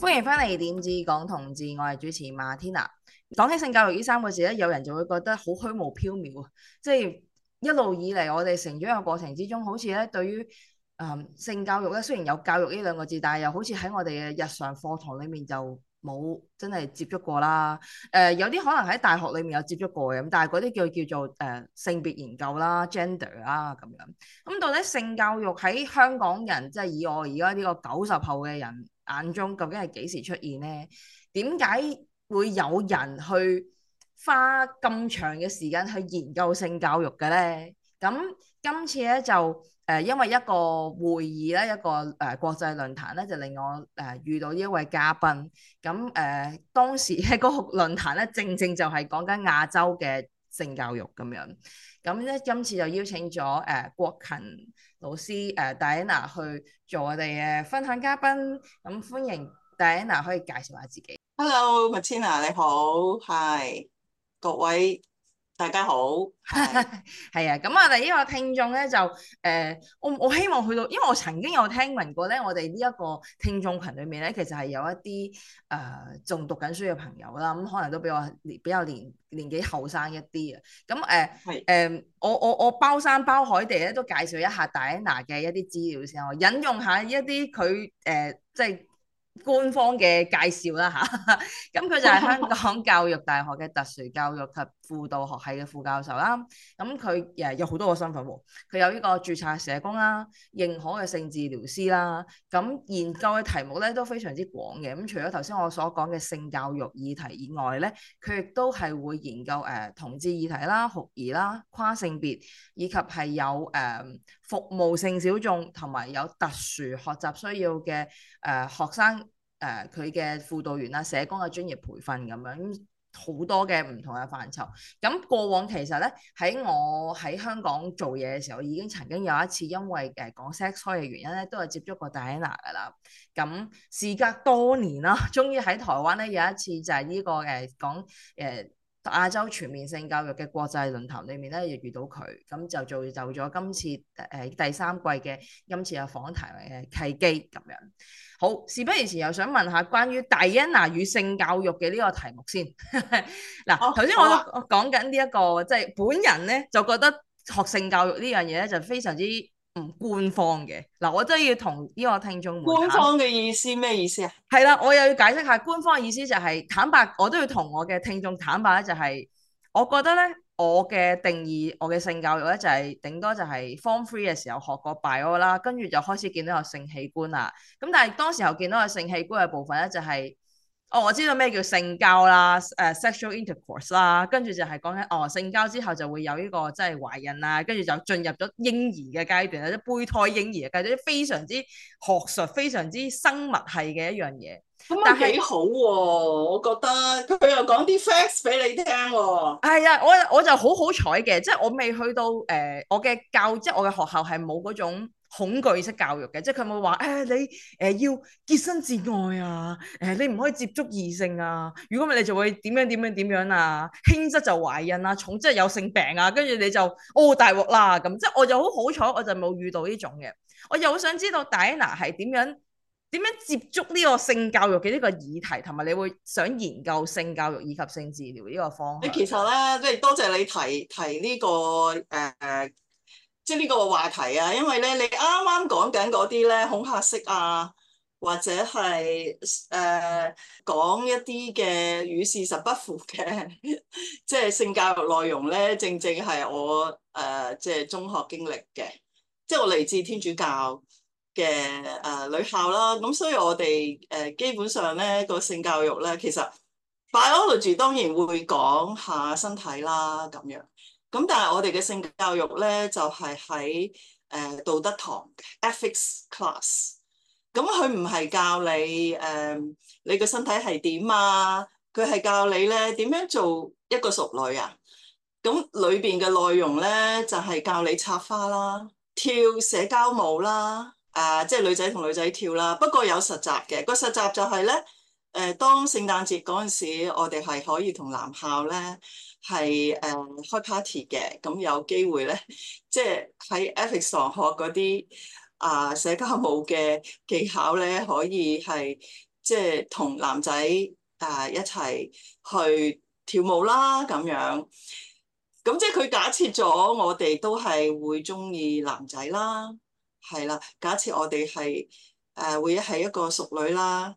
歡迎翻嚟《點知港同志》，我係主持馬天娜。講起性教育呢三個字咧，有人就會覺得好虛無縹緲。即係一路以嚟，我哋成長嘅過程之中，好似咧對於、嗯、性教育咧，雖然有教育呢兩個字，但係又好似喺我哋嘅日常課堂裏面就冇真係接觸過啦，誒、呃、有啲可能喺大學裡面有接觸過嘅，但係嗰啲叫叫做誒、呃、性別研究啦、gender 啦咁樣。咁、嗯、到底性教育喺香港人，即係以我而家呢個九十後嘅人眼中，究竟係幾時出現呢？點解會有人去花咁長嘅時間去研究性教育嘅咧？咁、嗯今次咧就誒因為一個會議咧一個誒國際論壇咧就令我誒遇到呢一位嘉賓，咁誒、呃、當時喺嗰個論壇咧正正就係講緊亞洲嘅性教育咁樣，咁咧今次就邀請咗誒、呃、郭勤老師誒 Diana 去做我哋嘅分享嘉賓，咁歡迎 Diana 可以介紹下自己。Hello，馬天娜，你好，係各位。.大家好，係、uh, 啊，咁我哋呢個聽眾咧就誒、呃，我我希望去到，因為我曾經有聽聞過咧，我哋呢一個聽眾群裏面咧，其實係有一啲誒仲讀緊書嘅朋友啦，咁可能都比我，比我年比較年年紀後生一啲啊，咁誒誒，我我我包山包海地咧都介紹一下戴安娜嘅一啲資料先，我引用下一啲佢誒即係。呃就是官方嘅介紹啦嚇，咁、嗯、佢就係香港教育大學嘅特殊教育及輔導學系嘅副教授啦。咁佢誒有好多個身份喎、哦，佢、嗯、有呢個註冊社工啦、啊，認可嘅性治療師啦。咁、啊嗯、研究嘅題目咧都非常之廣嘅。咁、嗯、除咗頭先我所講嘅性教育議題以外咧，佢亦都係會研究誒、呃、同志議題啦、酷兒啦、跨性別以及係有誒、呃、服務性小眾同埋有特殊學習需要嘅誒、呃、學生。誒佢嘅輔導員啦、社工嘅專業培訓咁樣，咁好多嘅唔同嘅範疇。咁過往其實咧，喺我喺香港做嘢嘅時候，已經曾經有一次因為誒、呃、講 sex toy 嘅原因咧，都係接觸過戴安娜㗎喇。咁事隔多年啦，終於喺台灣咧有一次就係呢、呢個誒、呃、講誒。呃亞洲全面性教育嘅國際論壇裏面咧，亦遇到佢，咁就造就咗今次誒、呃、第三季嘅今次嘅訪談嘅契機咁樣。好，事不宜遲，又想問下關於 Diana 與性教育嘅呢個題目先。嗱 喏，頭先、哦、我講緊呢一個，即係、哦、本人咧就覺得學性教育呢樣嘢咧就非常之。官方嘅，嗱，我都要同呢個聽眾。官方嘅意思咩意思啊？係啦，我又要解釋下官方嘅意思就係、是、坦白，我都要同我嘅聽眾坦白咧、就是，就係我覺得咧，我嘅定義，我嘅性教育咧就係、是、頂多就係 form three 嘅時候學過 bio 啦，跟住就開始見到個性器官啦。咁但係當時候見到個性器官嘅部分咧、就是，就係。哦，oh, 我知道咩叫性交啦，誒、uh, sexual intercourse 啦，跟住就係講緊哦，性交之後就會有呢、這個即係懷孕啊，跟住就進入咗嬰兒嘅階段，或者胚胎嬰兒嘅階段，非常之學術、非常之生物系嘅一樣嘢、啊。咁啊幾好喎，我覺得佢又講啲 facts 俾你聽喎。係啊，我我就好好彩嘅，即、就、係、是、我未去到誒、呃，我嘅教即係、就是、我嘅學校係冇嗰種恐懼式教育嘅，即係佢冇話誒你誒、呃、要潔身自愛啊，誒、呃、你唔可以接觸異性啊。如果咪你就會點樣點樣點樣啊，輕則就懷孕啊，重則係有性病啊。跟住你就哦大鑊啦咁，即係我就好好彩，我就冇遇到呢種嘅。我又好想知道 Diana 係點樣點樣接觸呢個性教育嘅呢個議題，同埋你會想研究性教育以及性治療呢個方。你其實咧，即係多謝你提提呢、這個誒。呃即呢個話題啊，因為咧你啱啱講緊嗰啲咧恐嚇式啊，或者係誒、呃、講一啲嘅與事實不符嘅， 即係性教育內容咧，正正係我誒、呃、即係中學經歷嘅，即係我嚟自天主教嘅誒、呃呃、女校啦。咁所以我哋誒、呃、基本上咧、嗰個性教育咧，其實 biology 當然會講下身體啦，咁樣。咁但係我哋嘅性教育咧，就係喺誒道德堂 （Ethics Class）。咁佢唔係教你誒、呃、你個身體係點啊，佢係教你咧點樣做一個淑女啊。咁、嗯、裏邊嘅內容咧就係、是、教你插花啦、跳社交舞啦，誒即係女仔同女仔跳啦。不過有實習嘅，個實習就係咧，誒、呃、當聖誕節嗰陣時，我哋係可以同男校咧。係誒、呃、開 party 嘅，咁有機會咧，即係喺 Epic 學嗰啲啊社交舞嘅技巧咧，可以係即係同男仔誒、呃、一齊去跳舞啦咁樣。咁即係佢假設咗我哋都係會中意男仔啦，係啦。假設我哋係誒會係一個淑女啦，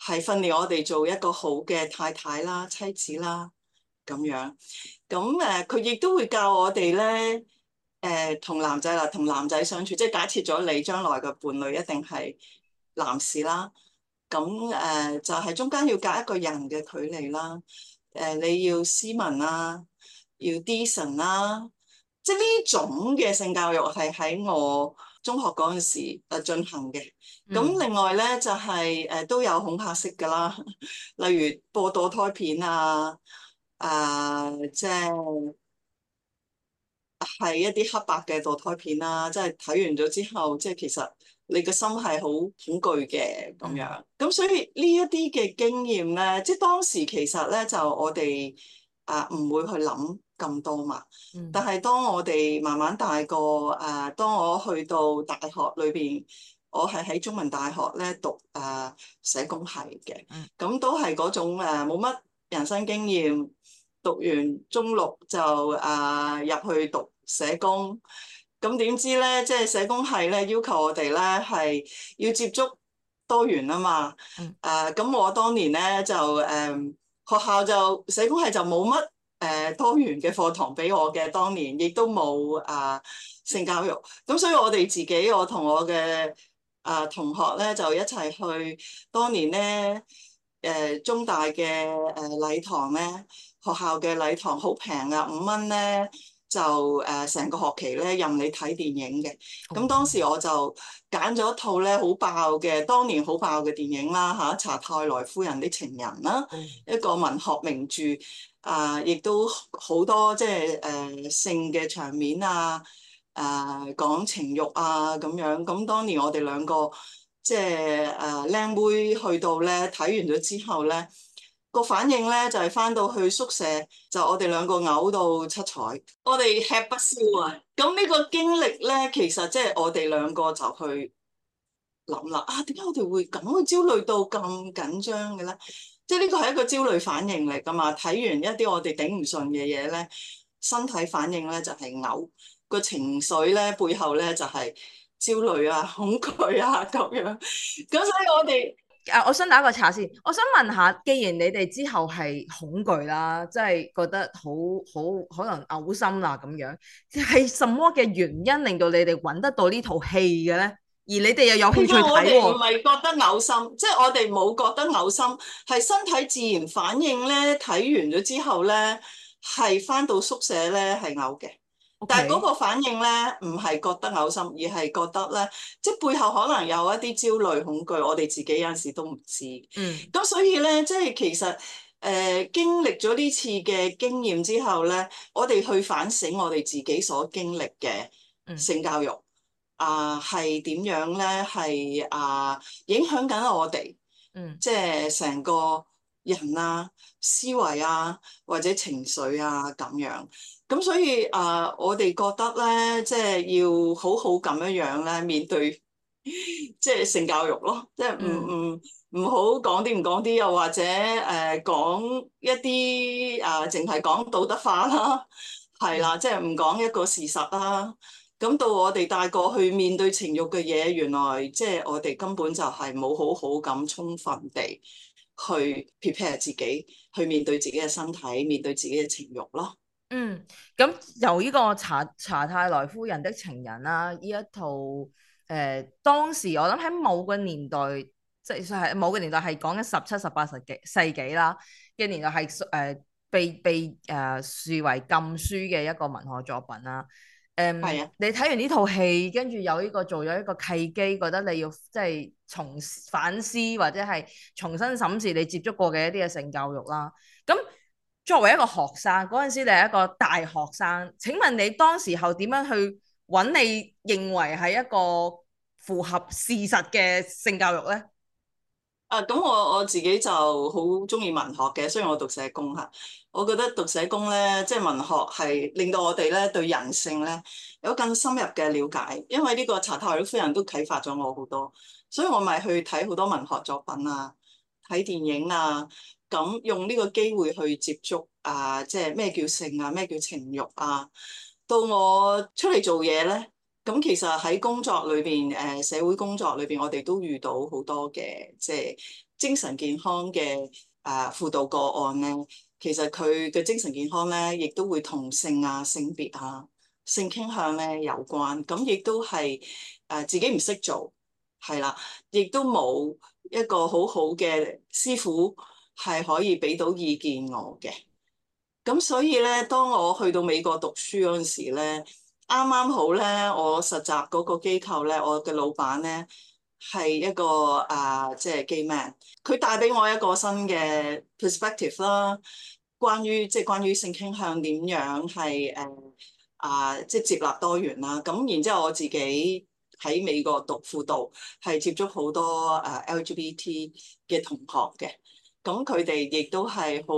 係訓練我哋做一個好嘅太太啦、妻子啦。咁樣咁誒，佢亦都會教我哋咧誒，同、呃、男仔啦，同男仔相處，即係假設咗你將來嘅伴侶一定係男士啦。咁誒、呃，就係、是、中間要隔一個人嘅距離啦。誒、呃，你要斯文啦、啊，要 decent 啦、啊，即係呢種嘅性教育係喺我中學嗰陣時誒進行嘅。咁、嗯、另外咧就係、是、誒、呃、都有恐嚇式噶啦，例如播墮胎片啊。啊、uh，即係係一啲黑白嘅墮胎片啦，即係睇完咗之後，即係其實你個心係好恐懼嘅咁樣。咁、嗯、所以呢一啲嘅經驗咧、啊，即係當時其實咧就我哋啊唔會去諗咁多嘛。但係當我哋慢慢大個，啊，當我去到大學裏邊，我係喺中文大學咧讀啊社工系嘅，咁都係嗰種誒冇乜人生經驗。讀完中六就啊入去讀社工，咁點知咧？即係社工系咧要求我哋咧係要接觸多元啊嘛。啊咁，我當年咧就誒學校就社工系就冇乜誒多元嘅課堂俾我嘅。當年亦都冇啊性教育咁，所以我哋自己，我同我嘅啊同學咧就一齊去當年咧誒中大嘅誒禮堂咧。學校嘅禮堂好平噶，五蚊咧就誒成、呃、個學期咧任你睇電影嘅。咁、嗯、當時我就揀咗一套咧好爆嘅，當年好爆嘅電影啦嚇，啊《查泰萊夫人的情人》啦、嗯，一個文學名著啊，亦、呃、都好多即係誒性嘅場面啊，誒、呃、講情慾啊咁樣。咁、嗯、當年我哋兩個即係誒靚妹去到咧睇完咗之後咧。個反應咧就係、是、翻到去宿舍就是、我哋兩個嘔到七彩，我哋吃不消啊！咁呢個經歷咧，其實即係我哋兩個就去諗啦，啊點解我哋會咁焦慮到咁緊張嘅咧？即係呢個係一個焦慮反應嚟噶嘛？睇完一啲我哋頂唔順嘅嘢咧，身體反應咧就係、是、嘔，個情緒咧背後咧就係、是、焦慮啊、恐懼啊咁樣。咁所以我哋。誒、啊，我想打一個岔先。我想問下，既然你哋之後係恐懼啦，即係覺得好好可能嘔心啦咁樣，係什麼嘅原因令到你哋揾得到呢套戲嘅咧？而你哋又有興趣睇喎、啊？我哋唔係覺得嘔心，即、就、係、是、我哋冇覺得嘔心，係身體自然反應咧。睇完咗之後咧，係返到宿舍咧係嘔嘅。但係嗰個反應咧，唔係覺得嘔心，而係覺得咧，即係背後可能有一啲焦慮、恐懼，我哋自己有陣時都唔知。咁、嗯、所以咧，即係其實誒、呃，經歷咗呢次嘅經驗之後咧，我哋去反省我哋自己所經歷嘅性教育啊，係點、嗯呃、樣咧？係啊、呃，影響緊我哋，嗯、即係成個人啊、思維啊或者情緒啊咁樣。咁所以啊、呃，我哋覺得咧，即係要好好咁樣樣咧，面對即係性教育咯，即係唔唔唔好講啲唔講啲，又、mm. 嗯、或者誒講、呃、一啲啊，淨係講道德化啦，係啦，即係唔講一個事實啦。咁到我哋帶過去面對情慾嘅嘢，原來即係我哋根本就係冇好好咁充分地去 prepare 自己，去面對自己嘅身體，面對自己嘅情慾咯。嗯，咁由呢個查查泰萊夫人的情人啦、啊，呢一套誒、呃，當時我諗喺某個年代，即係某個年代係講緊十七、十八十幾世紀啦嘅年代係誒、呃、被被誒視、呃、為禁書嘅一個文學作品啦。誒、呃，哎、呀你睇完呢套戲，跟住有呢個做咗一個契機，覺得你要即係重反思或者係重新審視你接觸過嘅一啲嘅性教育啦。咁、嗯作為一個學生，嗰陣時你係一個大學生。請問你當時候點樣去揾你認為係一個符合事實嘅性教育呢？咁、啊、我我自己就好中意文學嘅，雖然我讀社工嚇，我覺得讀社工呢，即、就、係、係、文學係令到我哋呢對人性呢有更深入嘅了解。因為呢個查泰萊夫人都啟發咗我好多，所以我咪去睇好多文學作品啊，睇電影啊。咁用呢個機會去接觸啊，即係咩叫性啊，咩叫情慾啊？到我出嚟做嘢咧，咁其實喺工作裏邊，誒、啊、社會工作裏邊，我哋都遇到好多嘅即係精神健康嘅啊輔導個案咧。其實佢嘅精神健康咧，亦都會同性啊、性別啊、性傾向咧有關。咁亦都係誒、啊、自己唔識做，係啦，亦都冇一個好好嘅師傅，係可以俾到意見我嘅，咁所以咧，當我去到美國讀書嗰陣時咧，啱啱好咧，我實習嗰個機構咧，我嘅老闆咧係一個誒，即、啊、係、就是、gay man，佢帶俾我一個新嘅 perspective 啦，就是、關於即係關於性傾向點樣係誒啊，即、就、係、是、接納多元啦，咁然之後我自己喺美國讀輔導，係接觸好多誒 LGBT 嘅同學嘅。咁佢哋亦都係好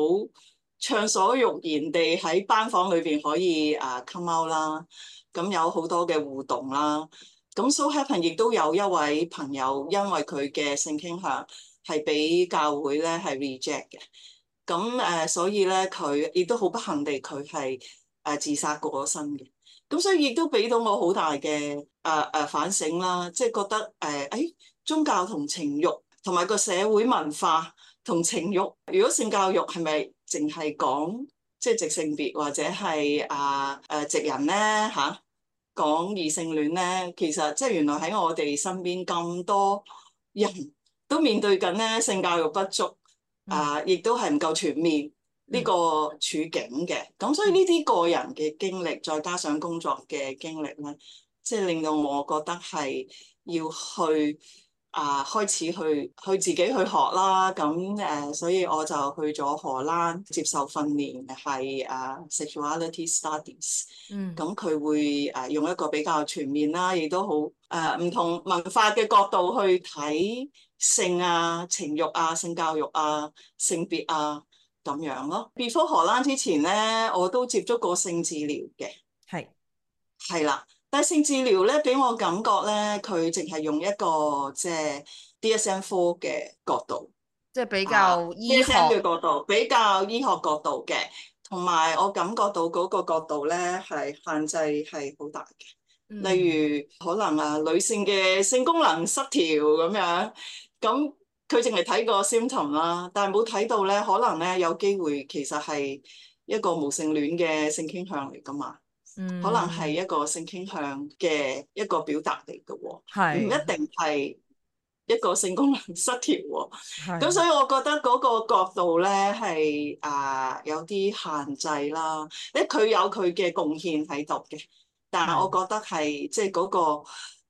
暢所欲言地喺班房裏邊可以啊，come out 啦。咁有好多嘅互動啦。咁 so happen 亦都有一位朋友，因為佢嘅性傾向係俾教會咧係 reject 嘅。咁誒，所以咧佢亦都好不幸地佢係誒自殺過咗身嘅。咁所以亦都俾到我好大嘅誒誒反省啦，即係覺得誒誒、哎、宗教同情慾同埋個社會文化。同情慾，如果性教育係咪淨係講即係直性別或者係啊誒直人咧吓、啊、講異性戀咧，其實即係原來喺我哋身邊咁多人都面對緊咧性教育不足、嗯、啊，亦都係唔夠全面呢個處境嘅。咁、嗯、所以呢啲個人嘅經歷，嗯、再加上工作嘅經歷咧，即、就、係、係、令到我覺得係要去。啊，uh, 開始去去自己去學啦，咁誒，uh, 所以我就去咗荷蘭接受訓練，係啊，uh, sexuality studies。嗯，咁佢會誒，uh, 用一個比較全面啦，亦都好誒唔同文化嘅角度去睇性啊、情欲啊、性教育啊、性別啊咁樣咯。Before 荷蘭之前咧，我都接觸過性治療嘅，係係是啦。但性治療咧，俾我感覺咧，佢淨係用一個即係、就是、DSM Four 嘅角度，即係比較醫學嘅、啊、角度，比較醫學角度嘅。同埋我感覺到嗰個角度咧，係限制係好大嘅。嗯、例如可能啊，女性嘅性功能失調咁樣，咁佢淨係睇過 symptom 啦，但係冇睇到咧，可能咧有機會其實係一個無性戀嘅性傾向嚟噶嘛。可能係一個性傾向嘅一個表達嚟嘅，係唔是一定係一個性功能失調，哦。咁是所以我覺得嗰個角度咧係啊有啲限制啦。因為佢有佢嘅貢獻喺度嘅，但係我覺得係即係嗰個誒、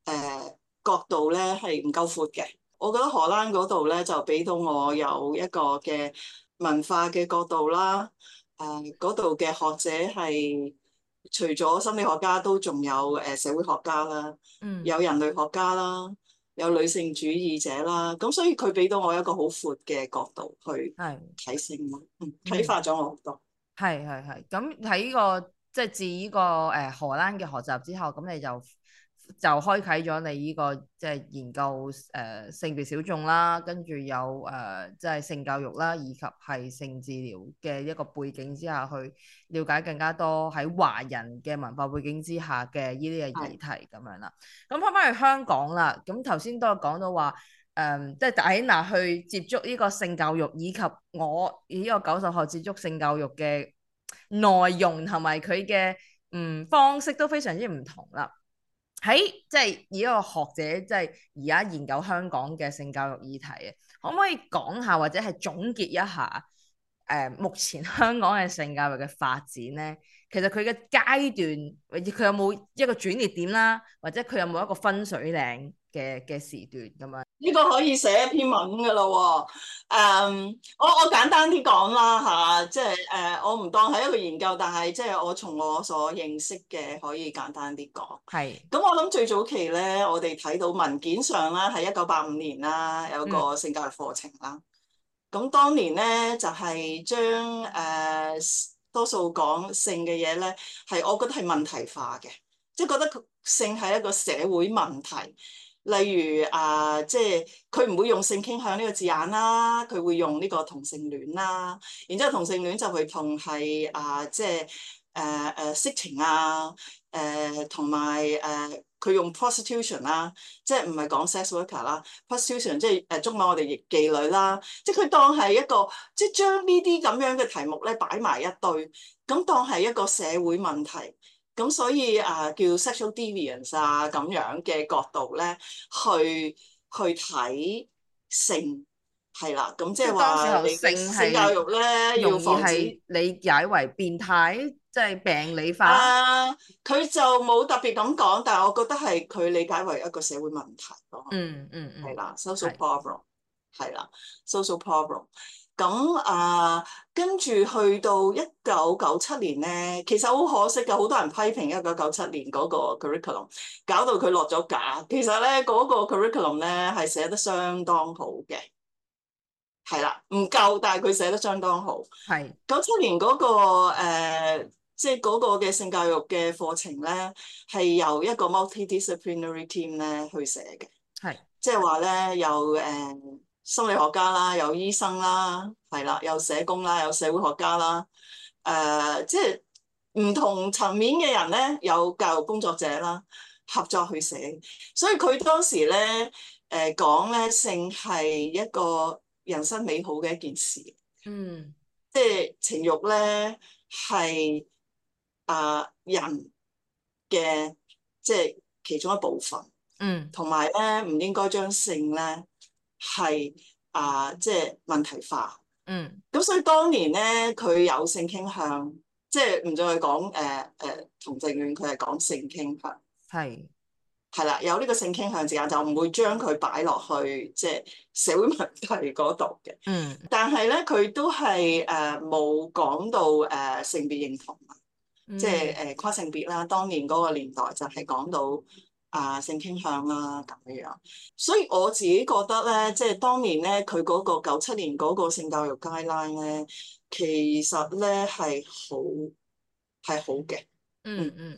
呃、角度咧係唔夠闊嘅。我覺得荷蘭嗰度咧就俾到我有一個嘅文化嘅角度啦。誒、呃，嗰度嘅學者係。除咗心理學家，都仲有誒社會學家啦，嗯，有人類學家啦，有女性主義者啦，咁所以佢俾到我一個好闊嘅角度去係睇性咯，啟發咗我好多。係係係，咁喺呢個即係、就是、自呢、呢個誒、呃、荷蘭嘅學習之後，咁你就。就開啟咗你呢、這個即係、就是、研究誒、呃、性別小眾啦，跟住有誒即係性教育啦，以及係性治療嘅一個背景之下，去了解更加多喺華人嘅文化背景之下嘅呢啲嘅議題咁樣啦。咁翻返去香港啦，咁頭先都有講到話誒，即係 Diana 去接觸呢個性教育，以及我呢個九十後接觸性教育嘅內容同埋佢嘅嗯方式都非常之唔同啦。喺、hey，即係以一個學者即係而家研究香港嘅性教育議題啊，可唔可以講下或者係總結一下誒、呃、目前香港嘅性教育嘅發展咧？其實佢嘅階段，佢有冇一個轉捩點啦？或者佢有冇一個分水嶺？嘅嘅時段咁啊，呢個可以寫一篇文噶啦、啊。誒、um,，我我簡單啲講啦嚇、啊，即係誒、呃，我唔當係一個研究，但係即係我從我所認識嘅可以簡單啲講係。咁是我諗最早期咧，我哋睇到文件上啦，喺一九八五年啦，有個性教育課程啦。咁、嗯、當年咧就係將誒多數講性嘅嘢咧，係我覺得係問題化嘅，即、就、係、是、覺得性係一個社會問題。例如啊，即係佢唔會用性傾向呢個字眼啦，佢會用呢個同性戀啦，然之後同性戀就會同係啊，即係誒誒色情啊，誒同埋誒佢用 prostitution 啦、啊，即係唔係講 sex worker 啦、啊、prostitution 即係誒中文我哋譯妓女啦、啊，即係佢當係一個即係將呢啲咁樣嘅題目咧擺埋一堆，咁當係一個社會問題。咁所以啊，叫 sexual deviance 啊咁樣嘅角度咧，去去睇性係啦。咁即係話性性教育咧，容易係理解為變態，即係病理化。啊，佢就冇特別咁講，但係我覺得係佢理解為一個社會問題咯、嗯。嗯嗯，係啦係，social problem，係啦，social problem。咁啊，跟住去到一九九七年咧，其實好可惜㗎，好多人批評一九九七年嗰個 curriculum，搞到佢落咗架。其實咧，嗰個 curriculum 咧係寫得相當好嘅，係啦，唔夠，但係佢寫得相當好。係九七年嗰個即係嗰個嘅性教育嘅課程咧，係由一個 multidisciplinary team 咧去寫嘅，係即係話咧有誒。呃心理學家啦，有醫生啦，係啦，有社工啦，有社會學家啦，誒、呃，即係唔同層面嘅人咧，有教育工作者啦，合作去寫，所以佢當時咧，誒講咧，性係一個人生美好嘅一件事，嗯，即係情欲咧係啊人嘅即係其中一部分，嗯，同埋咧唔應該將性咧。係啊、呃，即係問題化，嗯。咁所以當年咧，佢有性傾向，即係唔再講誒誒同性戀，佢係講性傾向，係係啦，有呢個性傾向，自然就唔會將佢擺落去即係社會問題嗰度嘅，嗯。但係咧，佢都係誒冇講到誒、呃、性別認同啊，嗯、即係誒、呃、跨性別啦。當年嗰個年代就係講到。啊，性傾向啦、啊，咁樣樣，所以我自己覺得咧，即係當年咧，佢嗰個九七年嗰個性教育 guideline 咧，其實咧係好係好嘅，嗯嗯。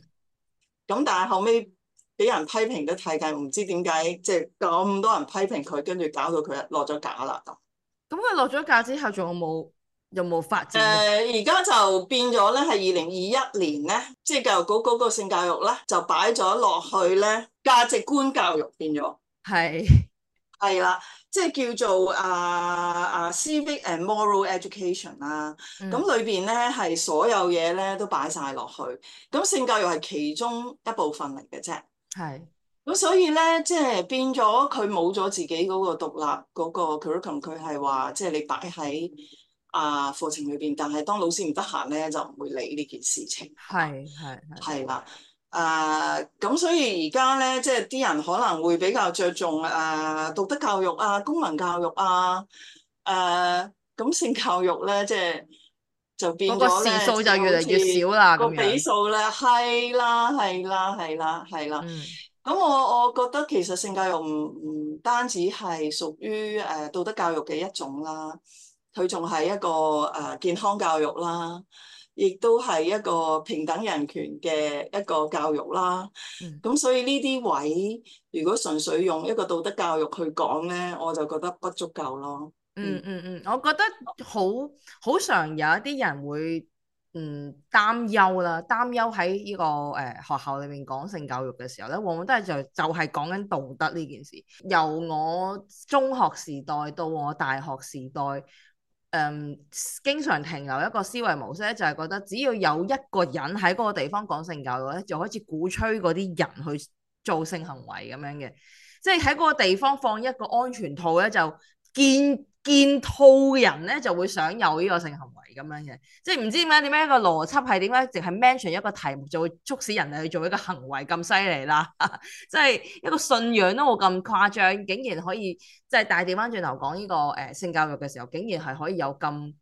咁、嗯、但係後尾俾人批評得太勁，唔知點解即係咁多人批評佢，跟住搞到佢落咗架啦。咁佢落咗架之後有有，仲有冇？有冇發展？而家、呃、就變咗咧，係二零二一年咧，即、就、係、是、教育局嗰個性教育咧，就擺咗落去咧，價值觀教育變咗，係係是啦，即係叫做啊啊、Civic and Moral Education 啦、嗯。咁裏邊咧係所有嘢咧都擺晒落去，咁性教育係其中一部分嚟嘅啫。係咁是，所以咧即係變咗佢冇咗自己嗰個獨立嗰、嗰個 curriculum，佢係話即係你擺喺。啊，uh, 課程裏邊，但係當老師唔得閒咧，就唔會理呢件事情。係係係啦。誒，咁的、uh, 所以而家咧，即係啲人可能會比較着重誒道、uh, 德教育啊、公民教育啊、誒、uh, 咁性教育咧，即、就、係、是、就變咗時數就越嚟越少啦。個比數咧，係啦，係啦，係啦，係啦。咁、嗯、我我覺得其實性教育唔唔單止係屬於誒道、uh, 德教育嘅一種啦。佢仲係一個誒、呃、健康教育啦，亦都係一個平等人權嘅一個教育啦。咁、嗯、所以呢啲位，如果純粹用一個道德教育去講呢，我就覺得不足夠咯。嗯嗯嗯，我覺得好好常有一啲人會嗯擔憂啦，擔憂喺呢個誒、呃、學校裏面講性教育嘅時候呢，往往都係就、就係講緊道德呢件事。由我中學時代到我大學時代。誒、um, 經常停留一個思維模式咧，就係、是、覺得只要有一個人喺嗰個地方講性教育咧，就開始鼓吹嗰啲人去做性行為咁樣嘅，即係喺嗰個地方放一個安全套咧，就見。見套人咧，就會想有呢個性行為咁樣嘅，即係唔知點解點解一個邏輯係點解，淨係 mention 一個題目就會促使人哋去做一個行為咁犀利啦，即係一個信仰都冇咁誇張，竟然可以即係大地翻轉頭講呢、這個誒、呃、性教育嘅時候，竟然係可以有咁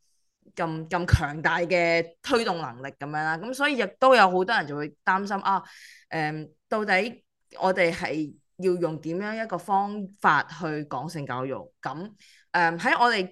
咁咁強大嘅推動能力咁樣啦，咁所以亦都有好多人就會擔心啊，誒、呃，到底我哋係要用點樣一個方法去講性教育咁？誒，喺、嗯、我哋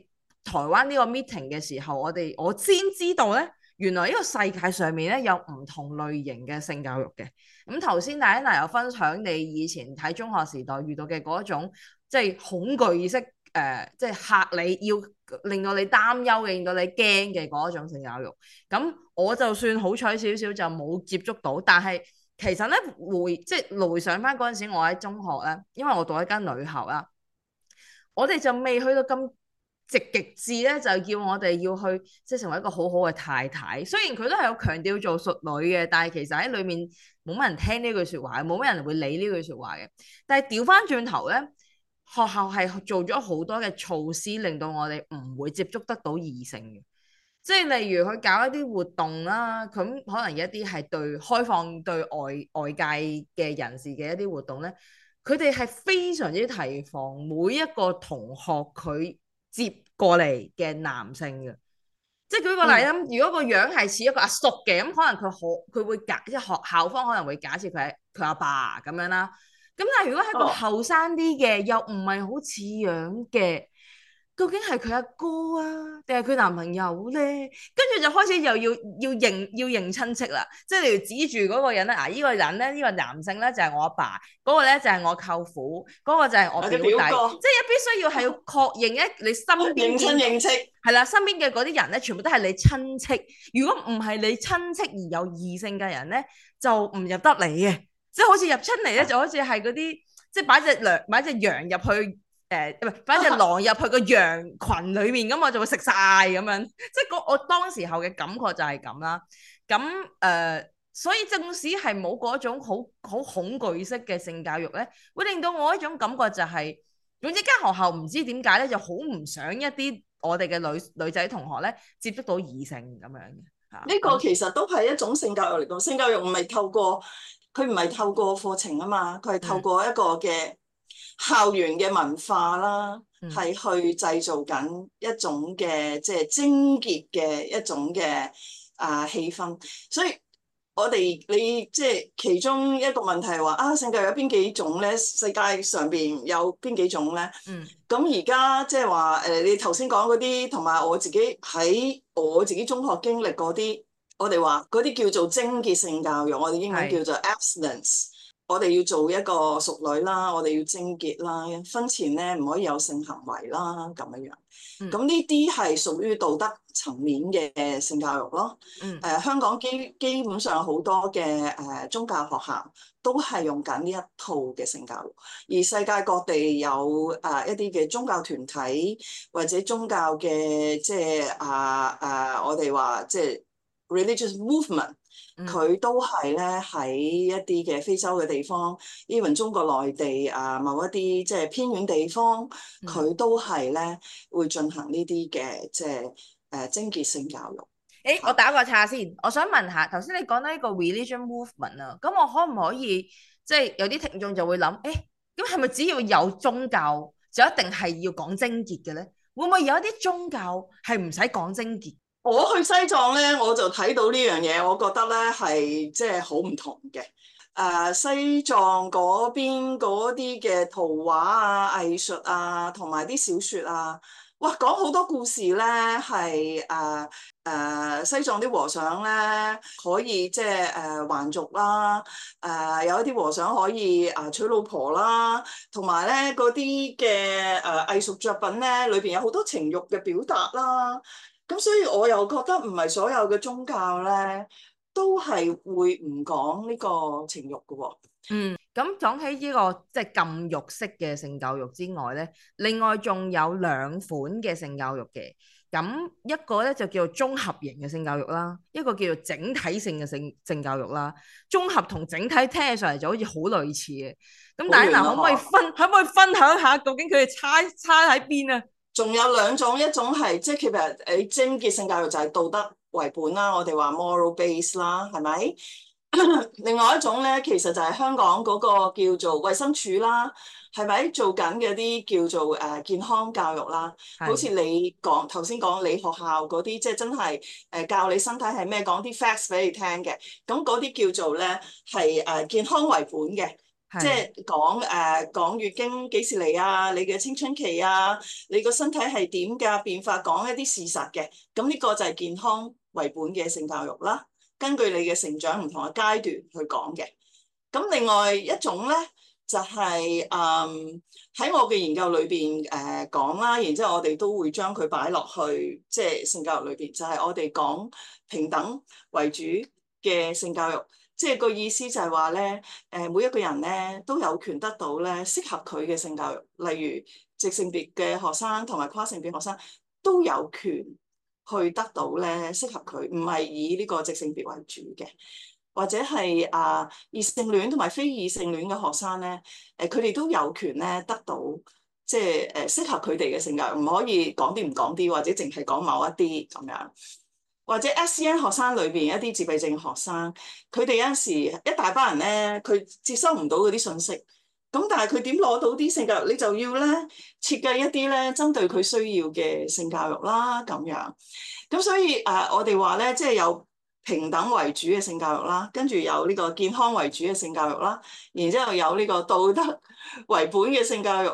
台灣呢個 meeting 嘅時候，我哋我先知道咧，原來呢個世界上面咧有唔同類型嘅性教育嘅。咁頭先 Diana，有分享，你以前喺中學時代遇到嘅嗰一種，即係恐懼意識，誒、呃，即係嚇你要令到你擔憂嘅，令到你驚嘅嗰一種性教育。咁、嗯、我就算好彩少少就冇接觸到，但係其實咧回即係回想返嗰陣時，我喺中學咧，因為我讀一間女校啦。我哋就未去到咁極極致咧，就叫我哋要去即係、就是、成為一個好好嘅太太。雖然佢都係有強調做淑女嘅，但係其實喺裏面冇乜人聽呢句説話，冇乜人會理呢句説話嘅。但係調翻轉頭咧，學校係做咗好多嘅措施，令到我哋唔會接觸得到異性嘅，即係例如佢搞一啲活動啦，咁可能有一啲係對開放對外外界嘅人士嘅一啲活動咧。佢哋係非常之提防每一個同學佢接過嚟嘅男性嘅，即係、嗯、舉個例，咁如果個樣係似一個阿叔嘅，咁可能佢可佢會假即係學校方可能會假設佢係佢阿爸咁樣啦。咁但係如果係個後生啲嘅，哦、又唔係好似樣嘅。究竟係佢阿哥啊，定係佢男朋友咧？跟住就開始又要要認要認親戚啦，即係你要指住嗰個人咧。啊，呢個人咧，呢個男性咧就係我阿爸，嗰個咧就係我舅父，嗰個就係我表弟。表即係必須要係要確認咧，你身邊認親戚係啦，身邊嘅啲人咧，全部都係你親戚。如果唔係你親戚而有異性嘅人咧，就唔入得嚟嘅。即係好似入親嚟咧，就好似係嗰啲即係擺隻羊擺隻羊入去。誒，反正、呃、狼入去個羊群裏面咁，啊、我就會食晒咁樣，即係我我當時候嘅感覺就係咁啦。咁誒、呃，所以即使係冇嗰種好好恐懼式嘅性教育咧，會令到我一種感覺就係、是，總之一間學校唔知點解咧，就好唔想一啲我哋嘅女女仔同學咧接觸到異性咁樣嘅吓。呢個其實都係一種性教育嚟講，性教育唔係透過佢唔係透過課程啊嘛，佢係透過一個嘅。嗯校園嘅文化啦，係、嗯、去製造緊一種嘅即係貞潔嘅一種嘅啊氣氛，所以我哋你即係其中一個問題係話啊性教育有邊幾種咧？世界上邊有邊幾種咧？嗯，咁而家即係話誒，你頭先講嗰啲，同埋我自己喺我自己中學經歷嗰啲，我哋話嗰啲叫做貞潔性教育，我哋英文叫做 abstinence。我哋要做一個淑女啦，我哋要貞潔啦，婚前咧唔可以有性行為啦，咁樣樣。咁呢啲係屬於道德層面嘅性教育咯。誒、嗯呃，香港基基本上好多嘅誒、呃、宗教學校都係用緊呢一套嘅性教育，而世界各地有啊一啲嘅宗教團體或者宗教嘅即係啊啊，我哋話即係 religious movement。佢、嗯、都係咧喺一啲嘅非洲嘅地方，even 中國內地啊，某一啲即係偏遠地方，佢都係咧會進行呢啲嘅即係誒貞潔性教育。誒、嗯欸，我打個岔先，嗯、我想問下頭先你講到呢個 religion movement 啊，咁我可唔可以即係、就是、有啲聽眾就會諗誒，咁係咪只要有宗教就一定係要講貞潔嘅咧？會唔會有一啲宗教係唔使講貞潔？我去西藏咧，我就睇到呢樣嘢，我覺得咧係即係好唔同嘅。誒、呃，西藏嗰邊嗰啲嘅圖畫啊、藝術啊，同埋啲小說啊，哇，講好多故事咧，係誒誒，西藏啲和尚咧可以即係誒、呃、還俗啦，誒、呃、有一啲和尚可以啊娶老婆啦，同埋咧嗰啲嘅誒藝術作品咧，裏邊有好多情欲嘅表達啦。咁所以我又覺得唔係所有嘅宗教咧，都係會唔講呢個情慾嘅喎。嗯，咁講起呢個即係禁欲式嘅性教育之外咧，另外仲有兩款嘅性教育嘅。咁一個咧就叫做綜合型嘅性教育啦，一個叫做整體性嘅性性教育啦。綜合同整體聽起上嚟就好似好類似嘅。咁大家嗱，可唔可以分、啊、可唔可以分享一下，究竟佢哋差差喺邊啊？仲有兩種，一種係即係其實誒貞潔性教育就係道德為本啦，我哋話 moral base 啦，係咪？ 另外一種咧，其實就係香港嗰個叫做衞生署啦，係咪做緊嗰啲叫做誒健康教育啦？是好似你講頭先講你學校嗰啲，即係真係誒教你身體係咩，講啲 facts 俾你聽嘅，咁嗰啲叫做咧係誒健康為本嘅。即係講誒講月經幾時嚟啊？你嘅青春期啊，你個身體係點㗎變化？講一啲事實嘅，咁呢個就係健康為本嘅性教育啦。根據你嘅成長唔同嘅階段去講嘅。咁另外一種咧，就係誒喺我嘅研究裏邊誒講啦，然之後我哋都會將佢擺落去即係、就是、性教育裏邊，就係、是、我哋講平等為主嘅性教育。即係個意思就係話咧，誒每一個人咧都有權得到咧適合佢嘅性教育。例如直性別嘅學生同埋跨性別學生都有權去得到咧適合佢，唔係以呢個直性別為主嘅。或者係啊異性戀同埋非異性戀嘅學生咧，誒佢哋都有權咧得到即係誒適合佢哋嘅性教育，唔可以講啲唔講啲，或者淨係講某一啲咁樣。或者 SEN 學生裏邊一啲自閉症學生，佢哋有時一大班人咧，佢接收唔到嗰啲信息咁，但係佢點攞到啲性教育？你就要咧設計一啲咧針對佢需要嘅性教育啦。咁樣咁，所以誒、啊，我哋話咧，即係有平等為主嘅性教育啦，跟住有呢個健康為主嘅性教育啦，然之後有呢個道德為本嘅性教育。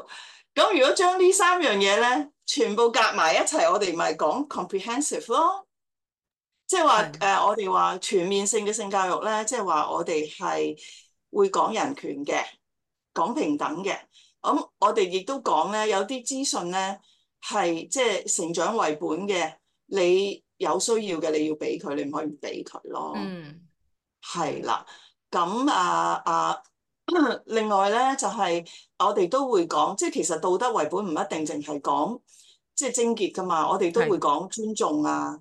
咁如果將呢三樣嘢咧全部夾埋一齊，我哋咪講 comprehensive 咯。即係話誒，我哋話全面性嘅性教育咧，即係話我哋係會講人權嘅，講平等嘅。咁、嗯、我哋亦都講咧，有啲資訊咧係即係成長為本嘅。你有需要嘅，你要俾佢，你唔可以唔俾佢咯。嗯，係啦。咁啊啊，另外咧就係、是、我哋都會講，即、就、係、是、其實道德為本唔一定淨係講即係貞潔噶嘛。我哋都會講尊重啊。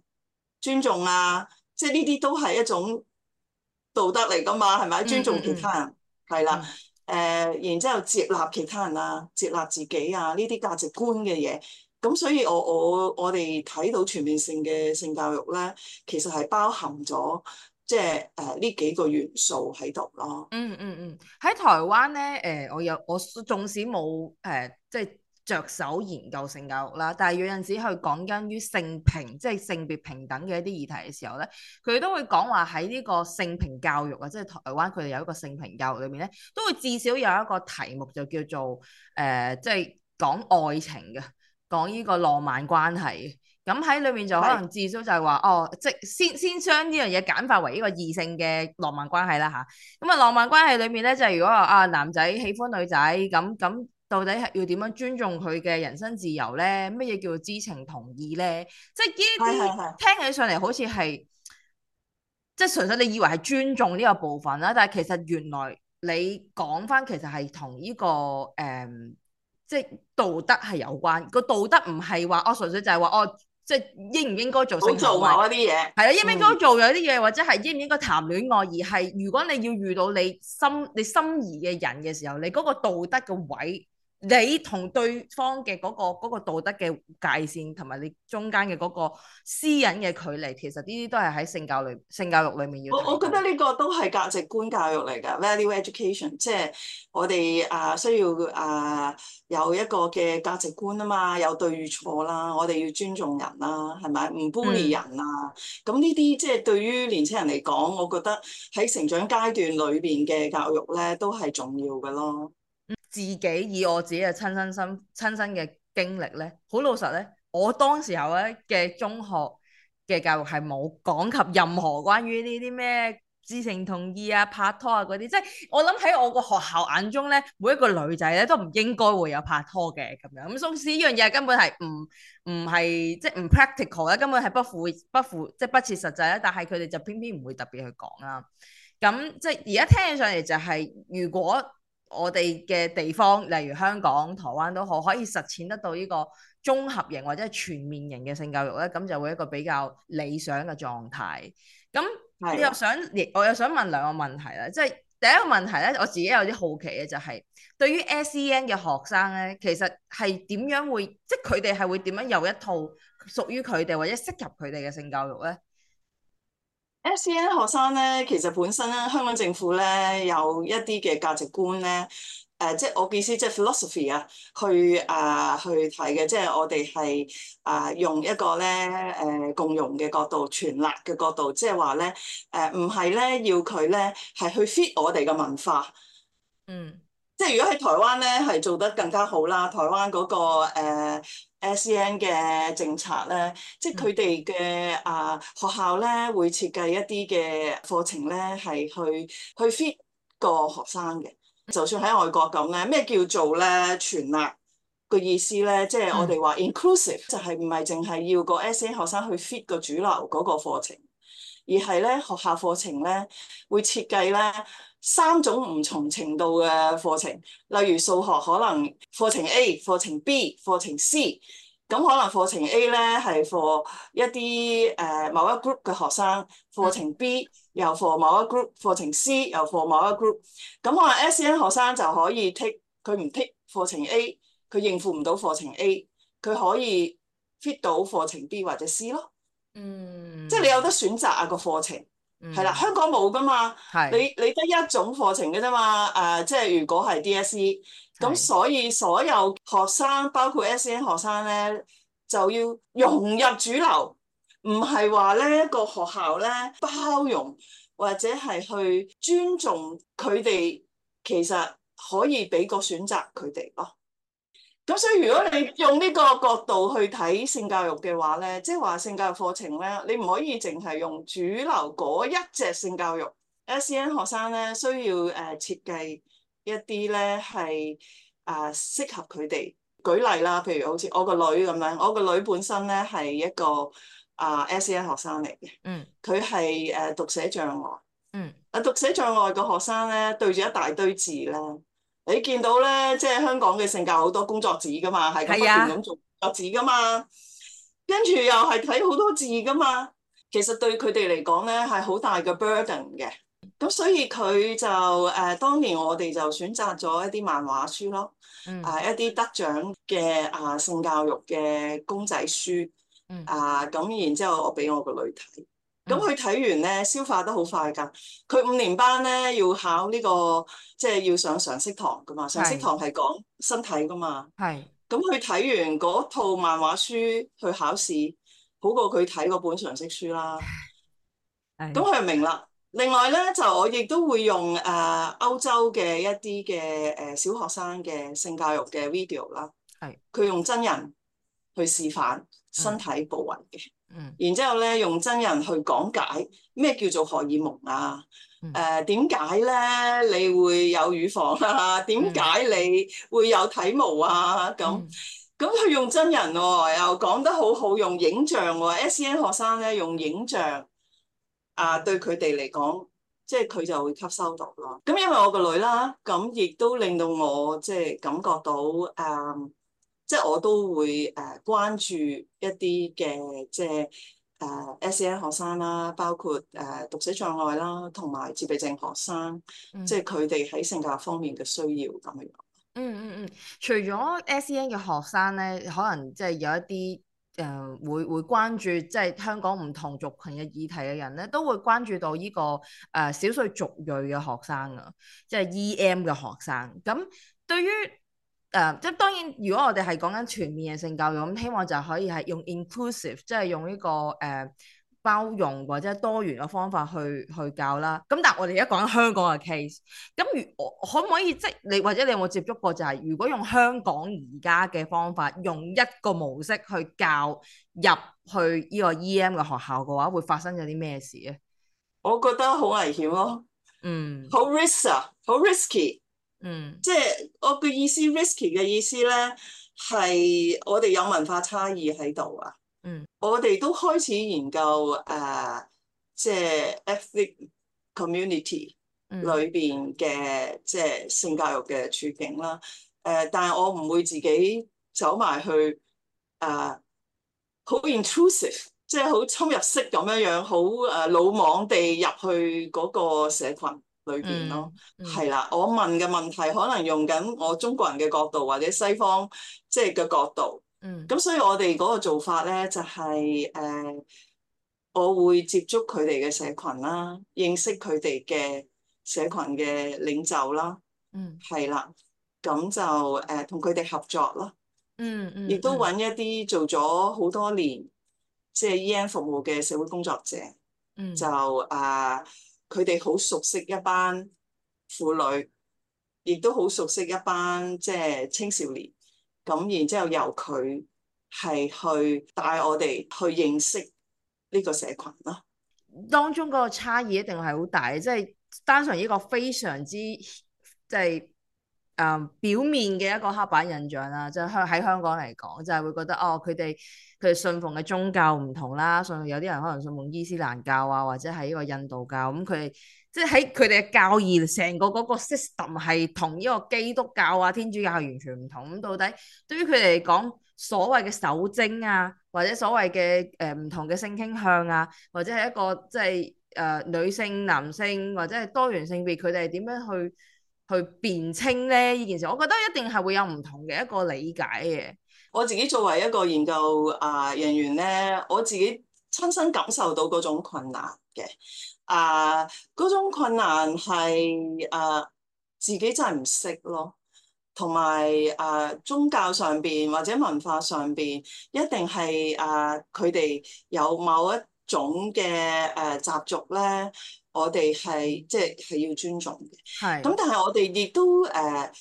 尊重啊，即係呢啲都係一種道德嚟㗎嘛，係咪？尊重其他人，係啦。誒，然之後接納其他人啊，接納自己啊，呢啲價值觀嘅嘢。咁所以我，我我我哋睇到全面性嘅性教育咧，其實係包含咗即係誒呢幾個元素喺度咯。嗯嗯嗯，喺台灣咧，誒，我有我縱使冇誒、呃、即係。着手研究性教育啦，但係有陣時去講緊於性平，即係性別平等嘅一啲議題嘅時候咧，佢都會講話喺呢個性平教育啊，即係台灣佢哋有一個性平教育裏面咧，都會至少有一個題目就叫做誒，即、呃、係、就是、講愛情嘅，講呢個浪漫關係。咁喺裏面就可能至少就係話，是哦，即係先先將呢樣嘢簡化為呢個異性嘅浪漫關係啦嚇。咁啊，浪漫關係裏面咧就係、是、如果話啊男仔喜歡女仔，咁咁。到底係要點樣尊重佢嘅人身自由咧？乜嘢叫做知情同意咧？即係呢啲聽起上嚟好似係， 即係純粹你以為係尊重呢個部分啦。但係其實原來你講翻，其實係同呢個誒、嗯，即係道德係有關。個道德唔係話我純粹就係話、哦、我即係應唔應該做，好做壞啲嘢係啦。應唔應該做有啲嘢，或者係應唔應該談戀愛？嗯、而係如果你要遇到你心你心儀嘅人嘅時候，你嗰個道德嘅位。你同對方嘅嗰、嗰個嗰個道德嘅界線，同埋你中間嘅嗰個私隱嘅距離，其實呢啲都係喺性教裏性教育裏面要。我我覺得呢個都係價值觀教育嚟㗎 ，Value education，即係我哋啊、呃、需要啊、呃、有一個嘅價值觀啊嘛，有對與錯啦，我哋要尊重人啦，係咪？唔搬蔑人啊，咁呢啲即係對於年輕人嚟講，我覺得喺成長階段裏邊嘅教育咧，都係重要嘅咯。自己以我自己嘅親身心親身親身嘅經歷咧，好老實咧，我當時候咧嘅中學嘅教育係冇講及任何關於呢啲咩知情同意啊、拍拖啊嗰啲，即係我諗喺我個學校眼中咧，每一個女仔咧都唔應該會有拍拖嘅咁樣。咁、嗯、所以呢樣嘢根本係唔唔係即係唔 practical 咧，根本係不符不符即係不切實際啦。但係佢哋就偏偏唔會特別去講啦。咁、嗯、即係而家聽起上嚟就係、是、如果。我哋嘅地方，例如香港、台灣都好，可以實踐得到呢個綜合型或者係全面型嘅性教育咧，咁就會一個比較理想嘅狀態。咁你的又想，我又想問兩個問題啦，即係第一個問題咧，我自己有啲好奇嘅就係，對於 SEN 嘅學生咧，其實係點樣會，即係佢哋係會點樣有一套屬於佢哋或者適合佢哋嘅性教育咧？SEN 學生咧，其實本身咧，香港政府咧有一啲嘅價值觀咧，誒、呃，即係我意思，即係 philosophy 啊、呃，去啊去睇嘅，即係我哋係啊用一個咧誒、呃、共融嘅角度、全納嘅角度，即係話咧誒唔係咧要佢咧係去 fit 我哋嘅文化，嗯，即係如果喺台灣咧係做得更加好啦，台灣嗰、那個、呃 SEN 嘅政策咧，即係佢哋嘅啊學校咧，會設計一啲嘅課程咧，係去去 fit 個學生嘅。就算喺外國咁咧，咩叫做咧全納個意思咧？即係我哋話 inclusive 就係唔係淨係要個 SEN 學生去 fit 個主流個課程。而係咧，學校課程咧會設計咧三種唔同程度嘅課程，例如數學可能課程 A、課程 B、課程 C。咁可能課程 A 咧係 for 一啲誒、呃、某一 group 嘅學生，課程 B 又 for 某一 group，課程 C 又 for 某一 group。咁可能 SEN 學生就可以 take 佢唔 take A，課程 A，佢應付唔到課程 A，佢可以 fit 到課程 B 或者 C 咯。嗯，即係你有得選擇啊個課程，係啦、嗯，香港冇㗎嘛，係的你你得一種課程嘅啫嘛，誒、呃，即係如果係 DSE，咁所以所有學生，包括 SN 包括學生咧，就要融入主流，唔係話咧一個學校咧包容或者係去尊重佢哋，其實可以俾個選擇佢哋啊。哦咁所以如果你用呢個角度去睇性教育嘅話咧，即係話性教育課程咧，你唔可以淨係用主流嗰一隻性教育。S. E. N. 學生咧需要誒設計一啲咧係啊適合佢哋。舉例啦，譬如好似我個女咁樣，我個女本身咧係一個啊 S. E. N. 學生嚟嘅。嗯。佢係誒讀寫障礙。嗯。啊，讀寫障礙個學生咧，對住一大堆字咧。你見到咧，即係香港嘅性教好多工作紙噶嘛，係咁不斷咁做工作紙噶嘛，的跟住又係睇好多字噶嘛。其實對佢哋嚟講咧係好大嘅 burden 嘅，咁所以佢就誒、呃、當年我哋就選擇咗一啲漫畫書咯，啊、嗯呃、一啲得獎嘅啊性教育嘅公仔書，啊、呃、咁然之後我俾我個女睇。咁佢睇完咧，消化得好快噶。佢五年班咧要考呢個，即係要上常識堂噶嘛。常識堂係講身體噶嘛。係是。咁佢睇完嗰套漫畫書去考試，好過佢睇嗰本常識書啦。係是。咁佢就明啦。另外咧，就我亦都會用誒歐洲嘅一啲嘅誒小學生嘅性教育嘅 video 啦。係是。佢用真人去示範身體部位嘅。嗯，然之後咧用真人去講解咩叫做荷爾蒙啊？誒、呃，點解咧你會有乳房啊？點解你會有體毛啊？咁咁佢用真人、哦，又講得好好，用影像、哦、SEN 學生咧用影像啊、呃，對佢哋嚟講，即係佢就會吸收到咯。咁、嗯、因為我個女啦，咁亦都令到我即係感覺到誒。嗯即係我都會誒、呃、關注一啲嘅即係誒、呃、S.E.N 學生啦，包括誒、呃、讀寫障礙啦，同埋自閉症學生，嗯、即係佢哋喺性格方面嘅需要咁樣。嗯嗯嗯，除咗 S.E.N 嘅學生咧，可能即係有一啲誒、呃、會會關注即係、就是、香港唔同族群嘅議題嘅人咧，都會關注到呢、這個誒少數族裔嘅學生啊，即、就、係、是、E.M 嘅學生。咁對於誒，即係當然，如果我哋係講緊全面嘅性教育，咁希望就可以係用 inclusive，即係用呢、這個誒、呃、包容或者多元嘅方法去去教啦。咁但係我哋而家講緊香港嘅 case，咁如可唔可以即係你或者你有冇接觸過、就係？就係如果用香港而家嘅方法，用一個模式去教入去呢個 EM 嘅學校嘅話，會發生咗啲咩事咧？我覺得好危險咯、哦，嗯，好 risk 啊，好 risky、啊。嗯，即係我嘅意思，risky 嘅意思咧，係我哋有文化差異喺度啊。嗯，我哋都開始研究誒、呃，即係 ethnic community 裏邊嘅、嗯、即係性教育嘅處境啦。誒、呃，但係我唔會自己走埋去誒，好、呃、intrusive，即係好侵入式咁樣樣，好誒魯莽地入去嗰個社群。裏邊咯，係啦。我問嘅問題可能用緊我中國人嘅角度，或者西方即係嘅角度。嗯。咁所以我哋嗰個做法咧，就係誒，我會接觸佢哋嘅社群啦，認識佢哋嘅社群嘅領袖啦。嗯。係啦。咁就誒同佢哋合作啦。嗯嗯。亦都揾一啲做咗好多年，即係 E.N 服務嘅社會工作者。Mm. 就啊。呃佢哋好熟悉一班婦女，亦都好熟悉一班即係青少年。咁然之後由佢係去帶我哋去認識呢個社群咯。當中嗰個差異一定係好大，即係單純依個非常之即係……誒、嗯、表面嘅一個刻板印象啦、啊，就係香喺香港嚟講，就係、是、會覺得哦，佢哋佢哋信奉嘅宗教唔同啦，信有啲人可能信奉伊斯蘭教啊，或者係呢個印度教咁，佢哋即係喺佢哋嘅教義，成個嗰個 system 係同呢個基督教啊、天主教完全唔同。咁、嗯、到底對於佢哋嚟講，所謂嘅守貞啊，或者所謂嘅誒唔同嘅性傾向啊，或者係一個即係誒女性、男性或者係多元性別，佢哋係點樣去？去辨清咧呢件事，我覺得一定係會有唔同嘅一個理解嘅。我自己作為一個研究啊人員咧，我自己親身感受到嗰種困難嘅。啊，嗰種困難係誒、啊、自己真係唔識咯，同埋誒宗教上邊或者文化上邊一定係誒佢哋有某一種嘅誒、啊、習俗咧。我哋係即係要尊重嘅，係咁的，但係我哋亦都誒，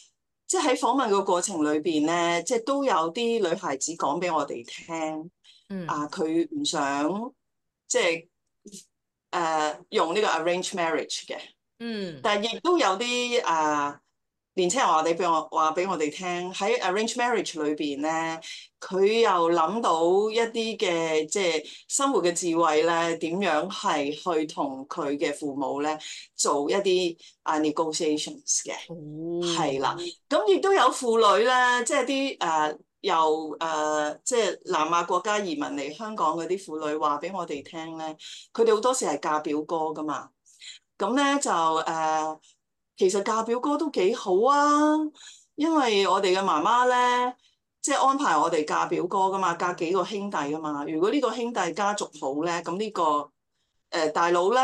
即係喺訪問嘅過程裏邊咧，即係都有啲女孩子講俾我哋聽，嗯，啊，佢唔想即係誒用呢個 arrange marriage 嘅，嗯，但係亦都有啲啊。Uh, 年青人話：你俾我話俾我哋聽，喺 arrange marriage 裏邊咧，佢又諗到一啲嘅即係生活嘅智慧咧，點樣係去同佢嘅父母咧做一啲啊 negotiations 嘅。係啦，嗯，咁亦都有婦女咧，即係啲誒由誒、呃、即係南亞國家移民嚟香港嗰啲婦女話俾我哋聽咧，佢哋好多時係嫁表哥㗎嘛，咁咧就誒。呃其實嫁表哥都幾好啊，因為我哋嘅媽媽咧，即係安排我哋嫁表哥噶嘛，嫁幾個兄弟噶嘛。如果呢個兄弟家族好咧，咁、呢、呢個誒、呃、大佬咧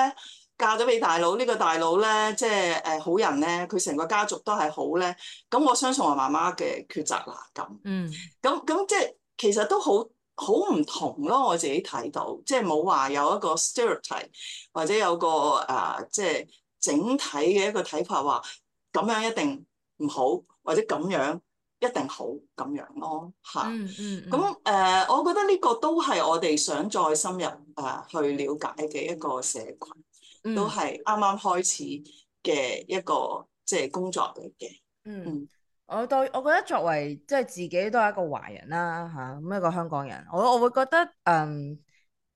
嫁咗俾大佬，呢、呢個大佬咧即係誒、呃、好人咧，佢成個家族都係好咧，咁我相信我媽媽嘅抉擇啦。咁，嗯，咁咁即係其實都好好唔同咯。我自己睇到，即係冇話有一個 stereotype 或者有個誒、呃、即係。整體嘅一個睇法話咁樣一定唔好，或者咁樣一定好咁樣咯，嚇、嗯。嗯嗯。咁誒，uh, 我覺得呢個都係我哋想再深入誒、uh, 去了解嘅一個社群，嗯、都係啱啱開始嘅一個即係、即係、工作嚟嘅。嗯，嗯我對，我覺得作為即係、即係、自己都係一個華人啦、啊，嚇、啊、咁一個香港人，我我會覺得嗯。Um,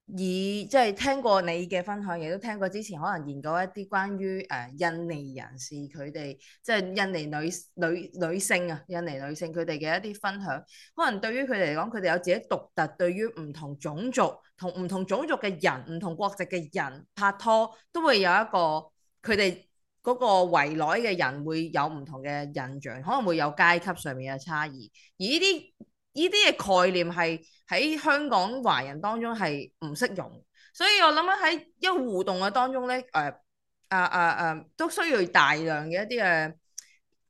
以即係聽過你嘅分享，亦都聽過之前可能研究一啲關於誒、呃、印尼人士佢哋，即係、就是、印尼女女女性啊，印尼女性佢哋嘅一啲分享，可能對於佢哋嚟講，佢哋有自己獨特，對於唔同種族同唔同種族嘅人，唔同國籍嘅人拍拖，都會有一個佢哋嗰個圍內嘅人會有唔同嘅印象，可能會有階級上面嘅差異，而呢啲。呢啲嘅概念係喺香港華人當中係唔識用，所以我諗啊喺一互動嘅當中咧，誒啊啊啊都需要大量嘅一啲誒、呃、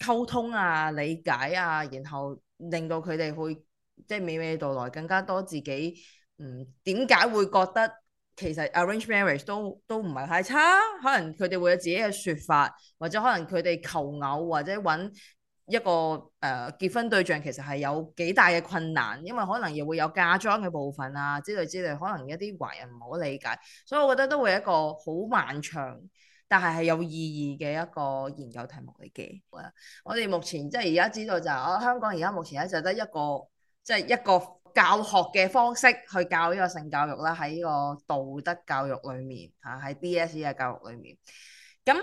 溝通啊、理解啊，然後令到佢哋會即係娓娓道來更加多自己，嗯點解會覺得其實 arrange marriage 都都唔係太差，可能佢哋會有自己嘅説法，或者可能佢哋求偶或者揾。一個誒、呃、結婚對象其實係有幾大嘅困難，因為可能又會有嫁妝嘅部分啊之類之類，可能一啲華人唔好理解，所以我覺得都會一個好漫長，但係係有意義嘅一個研究題目嚟嘅。我哋目前即係而家知道就是啊、香港而家目前咧就得一個即係、就是、一個教學嘅方式去教呢個性教育啦，喺呢個道德教育裏面嚇，喺 DSE 嘅教育裏面咁。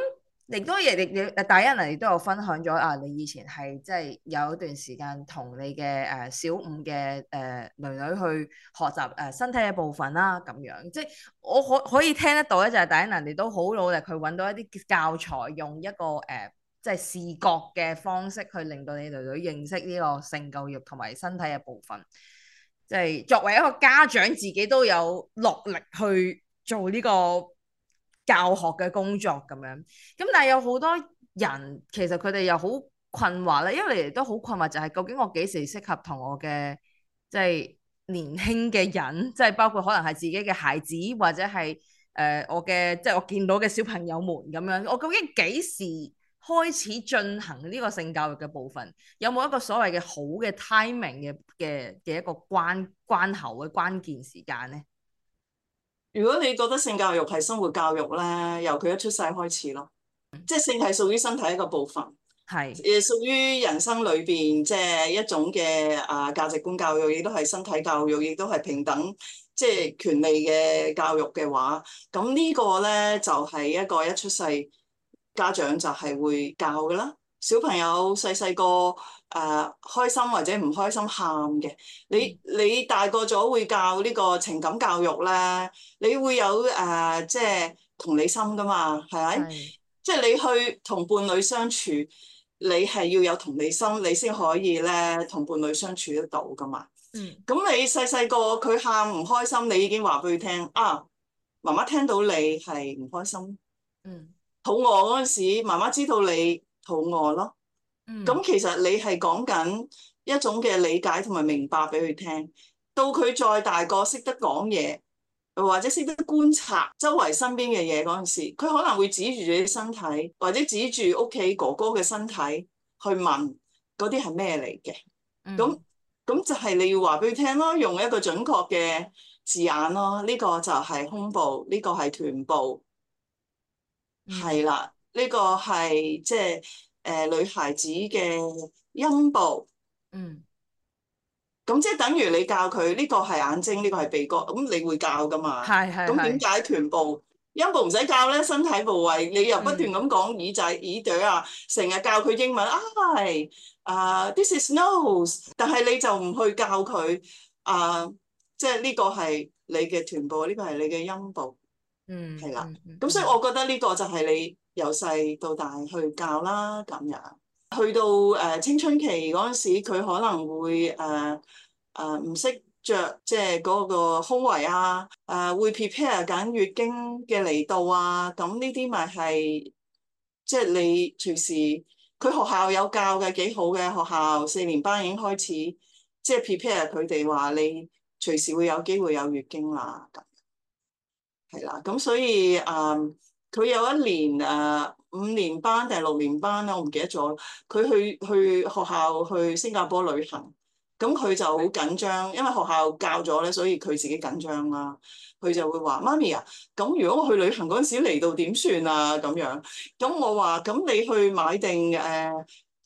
亦都亦你你誒 Diana 啊，你都有分享咗啊，你以前係即係有一段時間同你嘅誒、呃、小五嘅誒、呃、女女去學習誒、呃、身體嘅部分啦，咁樣即係我可可以聽得到咧，就係 Diana，啊，你都好努力去揾到一啲教材，用一個誒、呃、即係視覺嘅方式去令到你女女認識呢個性教育同埋身體嘅部分，即係作為一個家長自己都有落力去做呢個。教學嘅工作咁樣，咁但係有好多人其實佢哋又好困惑咧，因為你哋都好困惑，就係究竟我幾時適合同我嘅即係年輕嘅人，即係包括可能係自己嘅孩子或者係誒我嘅，即係我見到嘅小朋友們咁樣，我究竟幾時開始進行呢個性教育嘅部分，有冇一個所謂嘅好嘅 timing 嘅嘅嘅一個關關口嘅關鍵時間咧？如果你覺得性教育係生活教育咧，由佢一出世開始咯，即係性係屬於身體一個部分，係亦屬於人生裏邊即係一種嘅啊價值觀教育，亦都係身體教育，亦都係平等即係、就是、權利嘅教育嘅話，咁呢個咧就係、是、一個一出世家長就係會教㗎啦，小朋友細細個。誒，uh, 開心或者唔開心，喊嘅，你、嗯、你大個咗會教呢個情感教育咧，你會有誒，uh, 即係同理心噶嘛，係咪？是即係你去同伴侶相處，你係要有同理心，你先可以咧同伴侶相處得到噶嘛。咁、嗯、你細細個佢喊唔開心，你已經話俾佢聽啊，媽媽聽到你係唔開心。嗯，肚餓嗰陣時，媽媽知道你肚餓咯。咁、嗯、其實你係講緊一種嘅理解同埋明白俾佢聽，到佢再大個識得講嘢，或者識得觀察周圍身邊嘅嘢嗰陣時，佢可能會指住你身體，或者指住屋企哥哥嘅身體去問嗰啲係咩嚟嘅。咁咁、嗯、就係你要話俾佢聽咯，用一個準確嘅字眼咯。呢個就係胸部，呢個係臀部，係、嗯、啦，呢個係即係。誒、呃、女孩子嘅陰部，嗯，咁即係等於你教佢呢、這個係眼睛，呢、這個係鼻哥，咁你會教㗎嘛？係係。咁點解臀部、嗯、陰部唔使教咧？身體部位你又不斷咁講耳仔、嗯、耳朵啊，成日教佢英文啊，啊、哎 uh,，this is nose，但係你就唔去教佢啊，uh, 即係呢個係你嘅臀部，呢、這個係你嘅陰部，嗯，係啦。咁所以我覺得呢個就係你。由細到大去教啦，咁樣去到誒、呃、青春期嗰陣時，佢可能會誒誒唔識着即係嗰個胸圍啊，誒、呃、會 prepare 緊月經嘅嚟到啊，咁呢啲咪係即係你隨時佢學校有教嘅，幾好嘅學校四年班已經開始即係、就是、prepare 佢哋話你隨時會有機會有月經、啊、樣啦，咁係啦，咁所以誒。呃佢有一年誒、啊、五年班定六年班咧，我唔記得咗。佢去去學校去新加坡旅行，咁佢就好緊張，的因為學校教咗咧，所以佢自己緊張啦。佢就會話：媽咪啊，咁如果我去旅行嗰陣時嚟到點算啊？咁樣咁我話：咁你去買定誒，即、呃、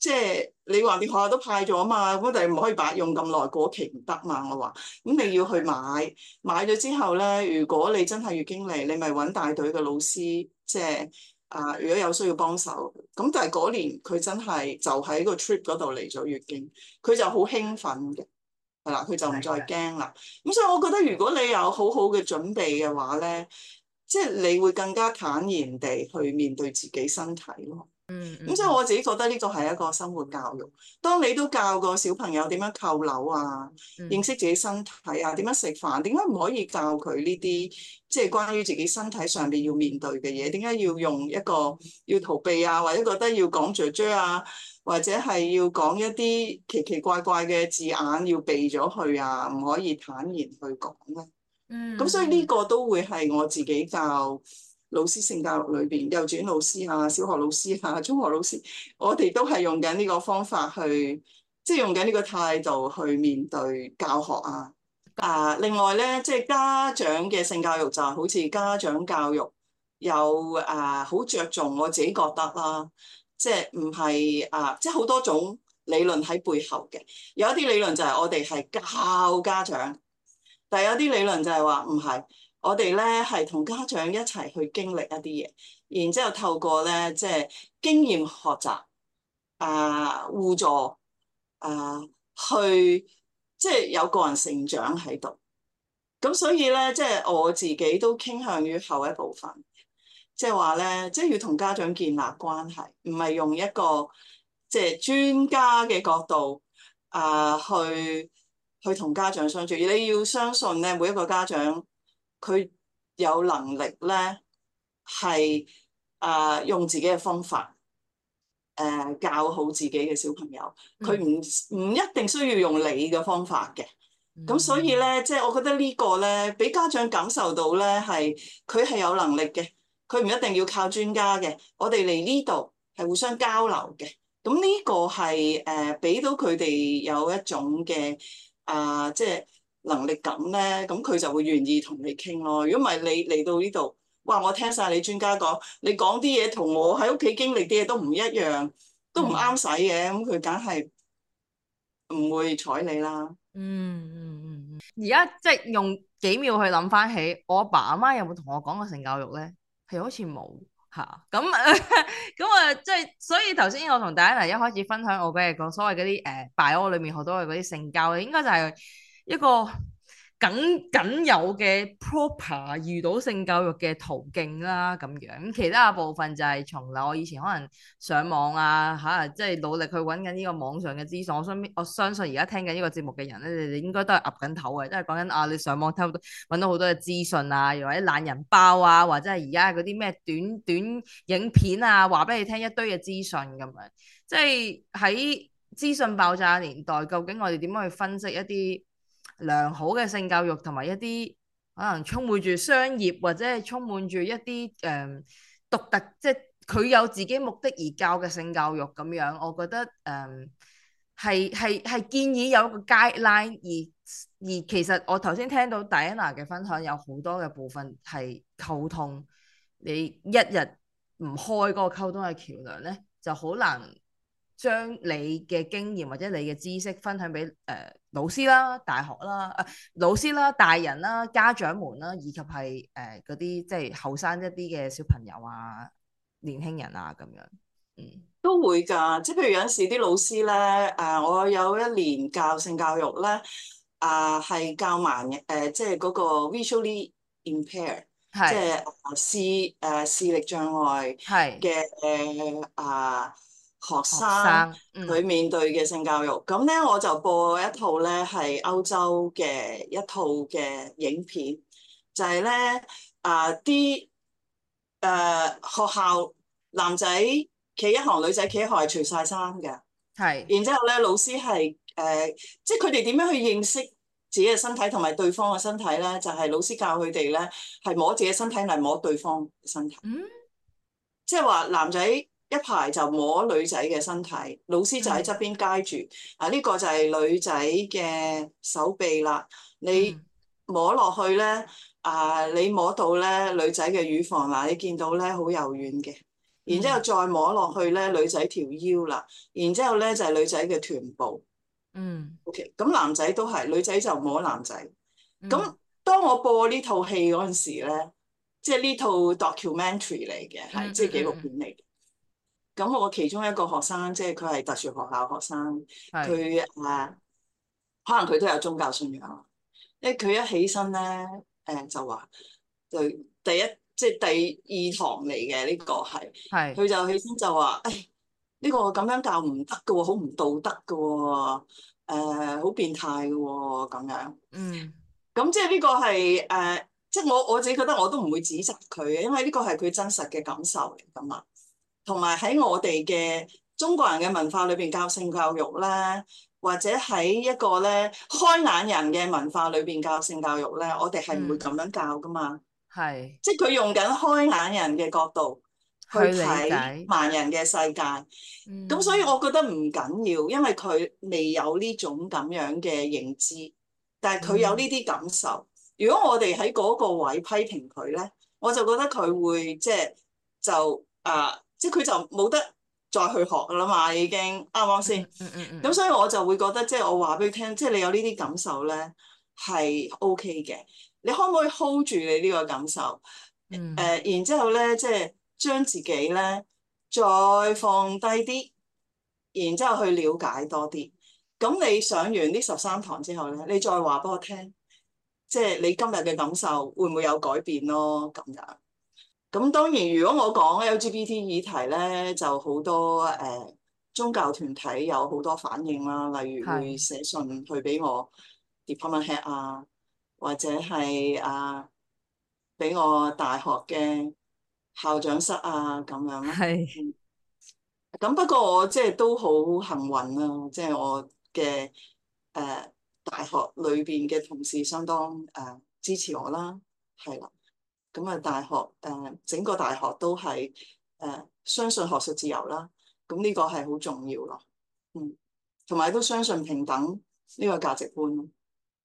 係、就是、你話你學校都派咗嘛，嘛？我哋唔可以擺用咁耐過期唔得嘛。我話：咁你要去買買咗之後咧，如果你真係要經歷，你咪揾大隊嘅老師。即係啊、呃！如果有需要幫手，咁但係嗰年佢真係就喺個 trip 嗰度嚟咗月經，佢就好興奮嘅，係啦，佢就唔再驚啦。咁的、嗯、所以我覺得如果你有好好嘅準備嘅話咧，即係你會更加坦然地去面對自己身體咯。嗯，咁所以我自己覺得呢個係一個生活教育。當你都教個小朋友點樣扣紐啊，嗯、認識自己身體啊，點樣食飯，點解唔可以教佢呢啲即係關於自己身體上面要面對嘅嘢？點解要用一個要逃避啊，或者覺得要講雀雀啊，或者係要講一啲奇奇怪怪嘅字眼要避咗去啊？唔可以坦然去講咧。嗯，咁所以呢個都會係我自己教，老師性教育裏邊，幼稚園老師啊，小學老師啊，中學老師，我哋都係用緊呢個方法去，即係用緊呢個態度去面對教學啊。啊，另外咧，即係家長嘅性教育就係好似家長教育有啊，好着重我自己覺得啦，即係唔係啊，即係好多種理論喺背後嘅。有一啲理論就係我哋係教家長，但有啲理論就係話唔係。我哋咧係同家長一齊去經歷一啲嘢，然之後透過咧即係經驗學習，啊、呃，互助啊、呃，去即係有個人成長喺度。咁所以咧，即係我自己都傾向於後一部分，即係話咧，即係要同家長建立關係，唔係用一個即係專家嘅角度啊、呃，去去同家長相處，而你要相信咧，每一個家長。佢有能力咧，係啊、呃、用自己嘅方法，誒、呃、教好自己嘅小朋友。佢唔唔一定需要用你嘅方法嘅。咁、嗯、所以咧，即、就、係、是、我覺得個呢個咧，俾家長感受到咧係佢係有能力嘅，佢唔一定要靠專家嘅。我哋嚟呢度係互相交流嘅。咁呢個係誒俾到佢哋有一種嘅啊，即、呃、係。就是能力感咧，咁佢就會願意同你傾咯。如果唔係你嚟到呢度，哇！我聽晒你專家講，你講啲嘢同我喺屋企經歷啲嘢都唔一樣，都唔啱使嘅。咁佢梗係唔會睬你啦。嗯嗯嗯嗯。而家、嗯、即係用幾秒去諗翻起，我阿爸阿媽，媽有冇同我講過性教育咧？係好似冇嚇。咁咁啊，即係、嗯嗯嗯嗯嗯嗯嗯嗯、所以頭先我同大家一開始分享我俾你講所謂嗰啲誒，百科裏面學到嘅嗰啲性教育，應該就係、是。一個僅僅有嘅 proper 遇到性教育嘅途徑啦，咁樣咁其他部分就係從來我以前可能上網啊嚇，即、啊、係、就是、努力去揾緊呢個網上嘅資訊。我相我相信而家聽緊呢個節目嘅人咧，你哋應該都係岌緊頭嘅，都係講緊啊你上網睇到揾到好多嘅資訊啊，又或者懶人包啊，或者係而家嗰啲咩短短影片啊，話俾你聽一堆嘅資訊咁、啊、樣。即係喺資訊爆炸年代，究竟我哋點樣去分析一啲良好嘅性教育同埋一啲可能充滿住商業或者係充滿住一啲誒、嗯、獨特，即係佢有自己目的而教嘅性教育咁樣，我覺得誒係係係建議有一個 guideline，而而其實我頭先聽到 Diana 嘅分享，有好多嘅部分係溝通，你一日唔開嗰個溝通嘅橋梁咧，就好難將你嘅經驗或者你嘅知識分享俾誒、呃、老師啦、大學啦、誒、呃、老師啦、大人啦、家長們啦，以及係誒嗰啲即係後生一啲嘅小朋友啊、年輕人啊咁樣，嗯，都會㗎。即係譬如有陣時啲老師咧，誒、呃，我有一年教性教育咧，啊、呃，係教盲嘅，誒、呃，即係、impaired, 是即係嗰個 visually impaired，即係視誒視力障礙，係嘅啊。呃呃學生佢、嗯、面對嘅性教育，咁咧我就播一套咧係歐洲嘅一套嘅影片，就係咧啊啲誒學校男仔企一行，女仔企一行，除晒衫嘅，係。然之後咧，老師係誒、呃，即係佢哋點樣去認識自己嘅身體同埋對方嘅身體咧？就係、係、老師教佢哋咧，係摸自己身體嚟摸對方身體，嗯，即係話男仔。一排就摸女仔嘅身體，老師就喺側邊 guide 住。嗯、啊、呢、這個就係女仔嘅手臂啦。你摸落去咧，啊，你摸到咧女仔嘅乳房啦，你見到咧好柔軟嘅。然之後再摸落去咧女仔條腰啦，然之後咧就係、是、女仔嘅臀部。嗯，OK。咁男仔都係，女仔就摸男仔。咁、嗯、當我播呢套戲嗰陣時咧，即係呢套 documentary 嚟嘅，係、嗯、是即係紀錄片嚟嘅。咁我其中一個學生，即係佢係特殊學校學生，佢是啊，可能佢都有宗教信仰。因為佢一起身咧，誒就話，就第一即係第二堂嚟嘅呢個係，佢是就起身就話，誒、哎、呢、這個咁樣教唔得㗎，好唔道德㗎，誒、呃、好變態㗎、哦，咁樣。嗯。咁即係呢個係誒、呃，即係我我自己覺得我都唔會指責佢嘅，因為呢個係佢真實嘅感受嚟噶嘛。同埋喺我哋嘅中國人嘅文化裏邊教性教育咧，或者喺一個咧開眼人嘅文化裏邊教性教育咧，我哋係唔會咁樣教噶嘛。係、嗯，即係佢用緊開眼人嘅角度去睇盲人嘅世界。咁、嗯、所以我覺得唔緊要，因為佢未有呢種咁樣嘅認知，但係佢有呢啲感受。嗯、如果我哋喺嗰個位批評佢咧，我就覺得佢會即係就啊～、呃即佢就冇得再去學噶啦嘛，已經啱啱先？咁 所以我就會覺得，即係我話俾你聽，即係你有呢啲感受咧，係 O K 嘅。你可唔可以 hold 住你呢個感受？誒、 呃，然之後咧，即係將自己咧再放低啲，然之後去了解多啲。咁你上完呢十三堂之後咧，你再話俾我聽，即係你今日嘅感受會唔會有改變咯？咁樣。咁當然，如果我講 LGBT 議題咧，就好多誒、呃、宗教團體有好多反應啦，例如會寫信去俾我 department head 啊，或者係啊俾我大學嘅校長室啊咁樣咯。係。咁不過我即係都好幸運啊，即係我嘅誒、呃、大學裏邊嘅同事相當誒、呃、支持我啦，係啦。咁啊，大學誒，整個大學都係誒、呃，相信學術自由啦。咁呢個係好重要咯，嗯，同埋都相信平等呢個價值觀，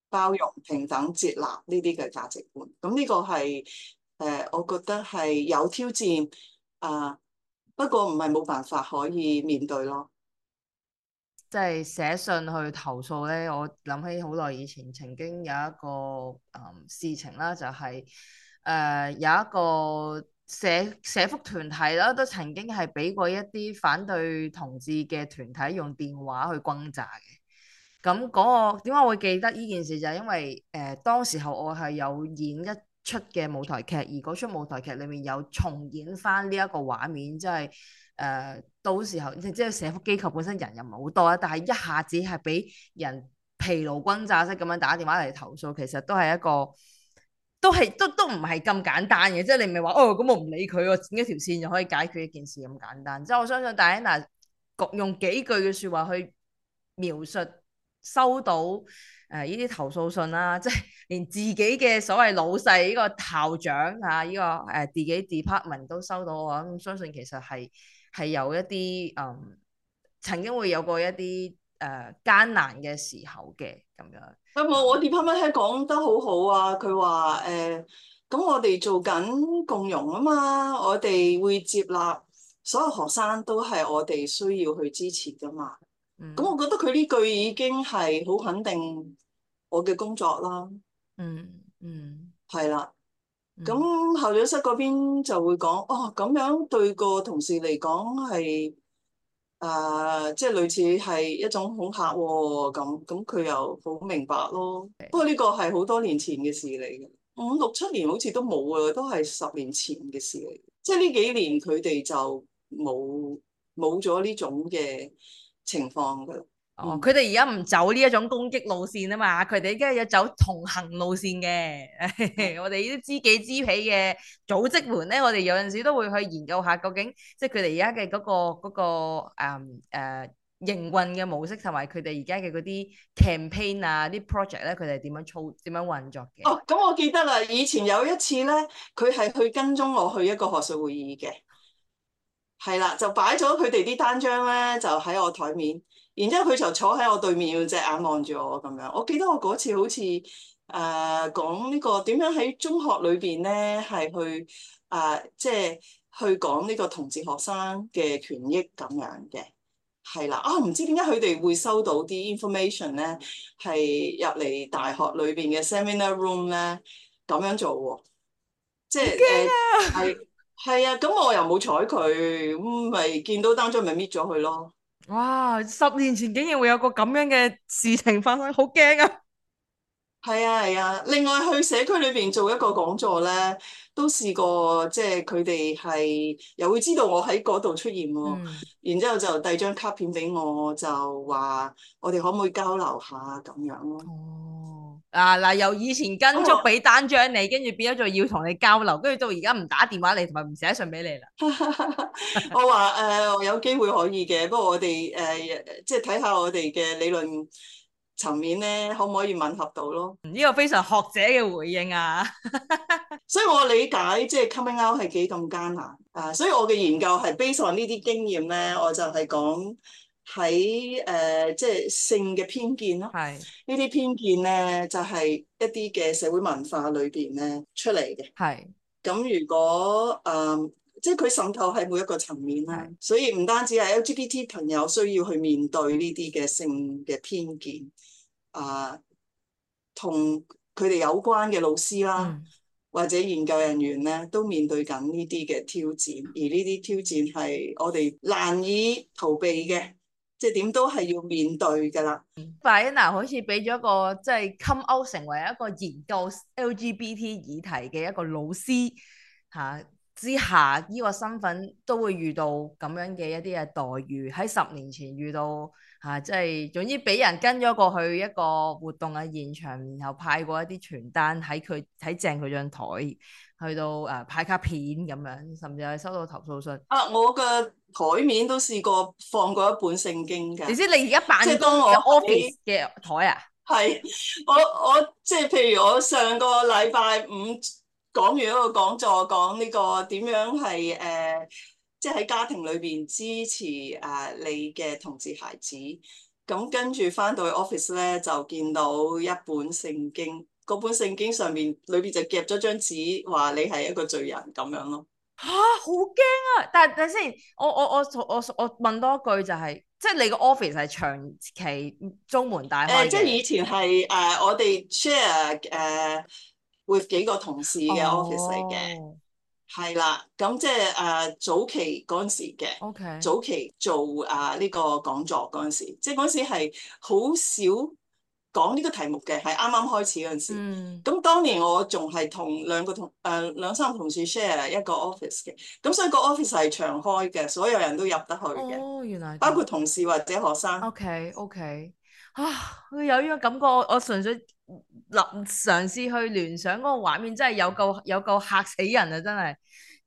包容、平等、接納呢啲嘅價值觀。咁呢個係誒、呃，我覺得係有挑戰啊、呃，不過唔係冇辦法可以面對咯，即係寫信去投訴咧。我諗起好耐以前曾經有一個誒、嗯、事情啦，就係、是。誒、呃，有一個社社福團體啦，都曾經係俾過一啲反對同志嘅團體用電話去轟炸嘅。咁嗰、嗰個點解我會記得呢件事就係因為誒、呃，當時候我係有演一出嘅舞台劇，而嗰出舞台劇裏面有重演翻呢一個畫面，即係誒，到時候即係社福機構本身人又唔係好多啦，但係一下子係俾人疲勞轟炸式咁樣打電話嚟投訴，其實都係一個。都係都都唔係咁簡單嘅，即係你咪話哦咁我唔理佢喎，整一條線就可以解決一件事咁簡單。即係我相信 Diana，用幾句嘅説話去描述收到誒呢啲投訴信啦、啊，即係連自己嘅所謂老細呢、這個校長啊，呢、這個誒自己 department 都收到嘅話，咁相信其實係係有一啲嗯、呃、曾經會有過一啲誒艱難嘅時候嘅。有冇、嗯、我哋啱啱 department 講得好好啊。佢話誒，咁、呃、我哋做緊共融啊嘛，我哋會接納所有學生，都係我哋需要去支持噶嘛。咁、嗯、我覺得佢呢句已經係好肯定我嘅工作啦。嗯嗯，係、嗯、啦。咁校長室嗰邊就會講哦，咁樣對個同事嚟講係啊，uh, 即係類似係一種恐嚇喎，哦，咁咁佢又好明白咯。不過呢個係好多年前嘅事嚟嘅，五六七年好似都冇啊，都係十年前嘅事嚟嘅。即係呢幾年佢哋就冇冇咗呢種嘅情況。哦，佢哋而家唔走呢一種攻擊路線啊嘛，佢哋而家要走同行路線嘅。 我哋呢啲知己知彼嘅組織門咧，我哋有陣時都會去研究下，究竟即係佢哋而家嘅嗰個嗰、嗰個誒誒、嗯呃、營運嘅模式，同埋佢哋而家嘅嗰啲 campaign 啊，啲 project 咧，佢哋點樣操點樣運作嘅？哦，咁我記得啦，以前有一次咧，佢係去跟蹤我去一個學術會議嘅，係啦，就擺咗佢哋啲單張咧，就喺我枱面。然之後佢就坐喺我對面，隻眼望住我咁樣。我記得我嗰次好似誒講呢個點樣喺中學裏邊咧，係去誒、呃、即係去講呢個同志學生嘅權益咁樣嘅，係啦啊，唔知點解佢哋會收到啲 information 咧，係入嚟大學裏邊嘅 seminar room 咧咁樣做喎，即係係係啊，咁我又冇睬佢，咁咪見到單張咪搣咗佢咯。哇！十年前竟然會有個咁樣嘅事情發生，好驚啊！係啊係啊，另外去社區裏邊做一個講座咧，都試過，即係佢哋係又會知道我喺嗰度出現喎，嗯、然之後就遞張卡片俾我，就話我哋可唔可以交流下咁樣咯。嗯啊嗱，由以前跟足俾單張你，哦、跟住變咗做要同你交流，跟住到而家唔打電話你同埋唔寫信俾你啦。 我話誒、呃，我有機會可以嘅，不過我哋誒、呃、即係睇下我哋嘅理論層面咧，可唔可以吻合到咯？呢個非常學者嘅回應啊！ 所以我理解即係 coming out 係幾咁艱難啊！所以我嘅研究係 base on 呢啲經驗咧，我就係講。喺誒、呃，即係性嘅偏見咯。係呢啲偏見咧，就係、是、一啲嘅社會文化裏邊咧出嚟嘅。係咁是，如果誒、呃，即係佢滲透喺每一個層面啦。是所以唔單止係 LGBT 朋友需要去面對呢啲嘅性嘅偏見，呃、啊，同佢哋有關嘅老師啦，或者研究人員咧，都面對緊呢啲嘅挑戰。而呢啲挑戰係我哋難以逃避嘅。即係點都係要面對㗎啦。Diana 好似俾咗一個即係 come out 成為一個研究 LGBT 議題嘅一個老師嚇之下，呢個身份都會遇到咁樣嘅一啲嘅待遇。喺十年前遇到嚇，即係總之俾人跟咗過去一個活動嘅現場，然後派過一啲傳單喺佢喺正佢張台，去到誒派卡片咁樣，甚至係收到投訴信。啊，我嘅。台面都試過放過一本聖經㗎，點知你而家擺喺 office 嘅台啊？係，我我即係譬如我上個禮拜五講完一個講座講個，講呢個點樣係誒，即係喺家庭裏邊支持誒、呃、你嘅同志孩子。咁跟住翻到去 office 咧，就見到一本聖經，嗰本聖經上面裏邊就夾咗張紙，話你係一個罪人咁樣咯。嚇！好驚啊，啊！但係等先，我我我我我問多句就係、是，即係你個 office 係長期中門大開、呃、即係以前係誒、uh, 我哋 share 誒 with 幾個同事嘅 office 嚟嘅，係啦、oh.。咁即係誒、uh, 早期嗰陣時嘅，Okay. 早期做啊呢、uh, 個講座嗰陣時，即係嗰陣時係好少。講呢個題目嘅係啱啱開始嗰陣時，咁、嗯、當年我仲係同兩個同誒、呃、兩三個同事 share 一個 office 嘅，咁所以個 office 係長開嘅，所有人都入得去嘅，哦、原來包括同事或者學生。OK，OK，啊，有呢個感覺，我我純粹諗、呃、嘗試去聯想嗰個畫面，真係有夠有夠嚇死人啊！真係，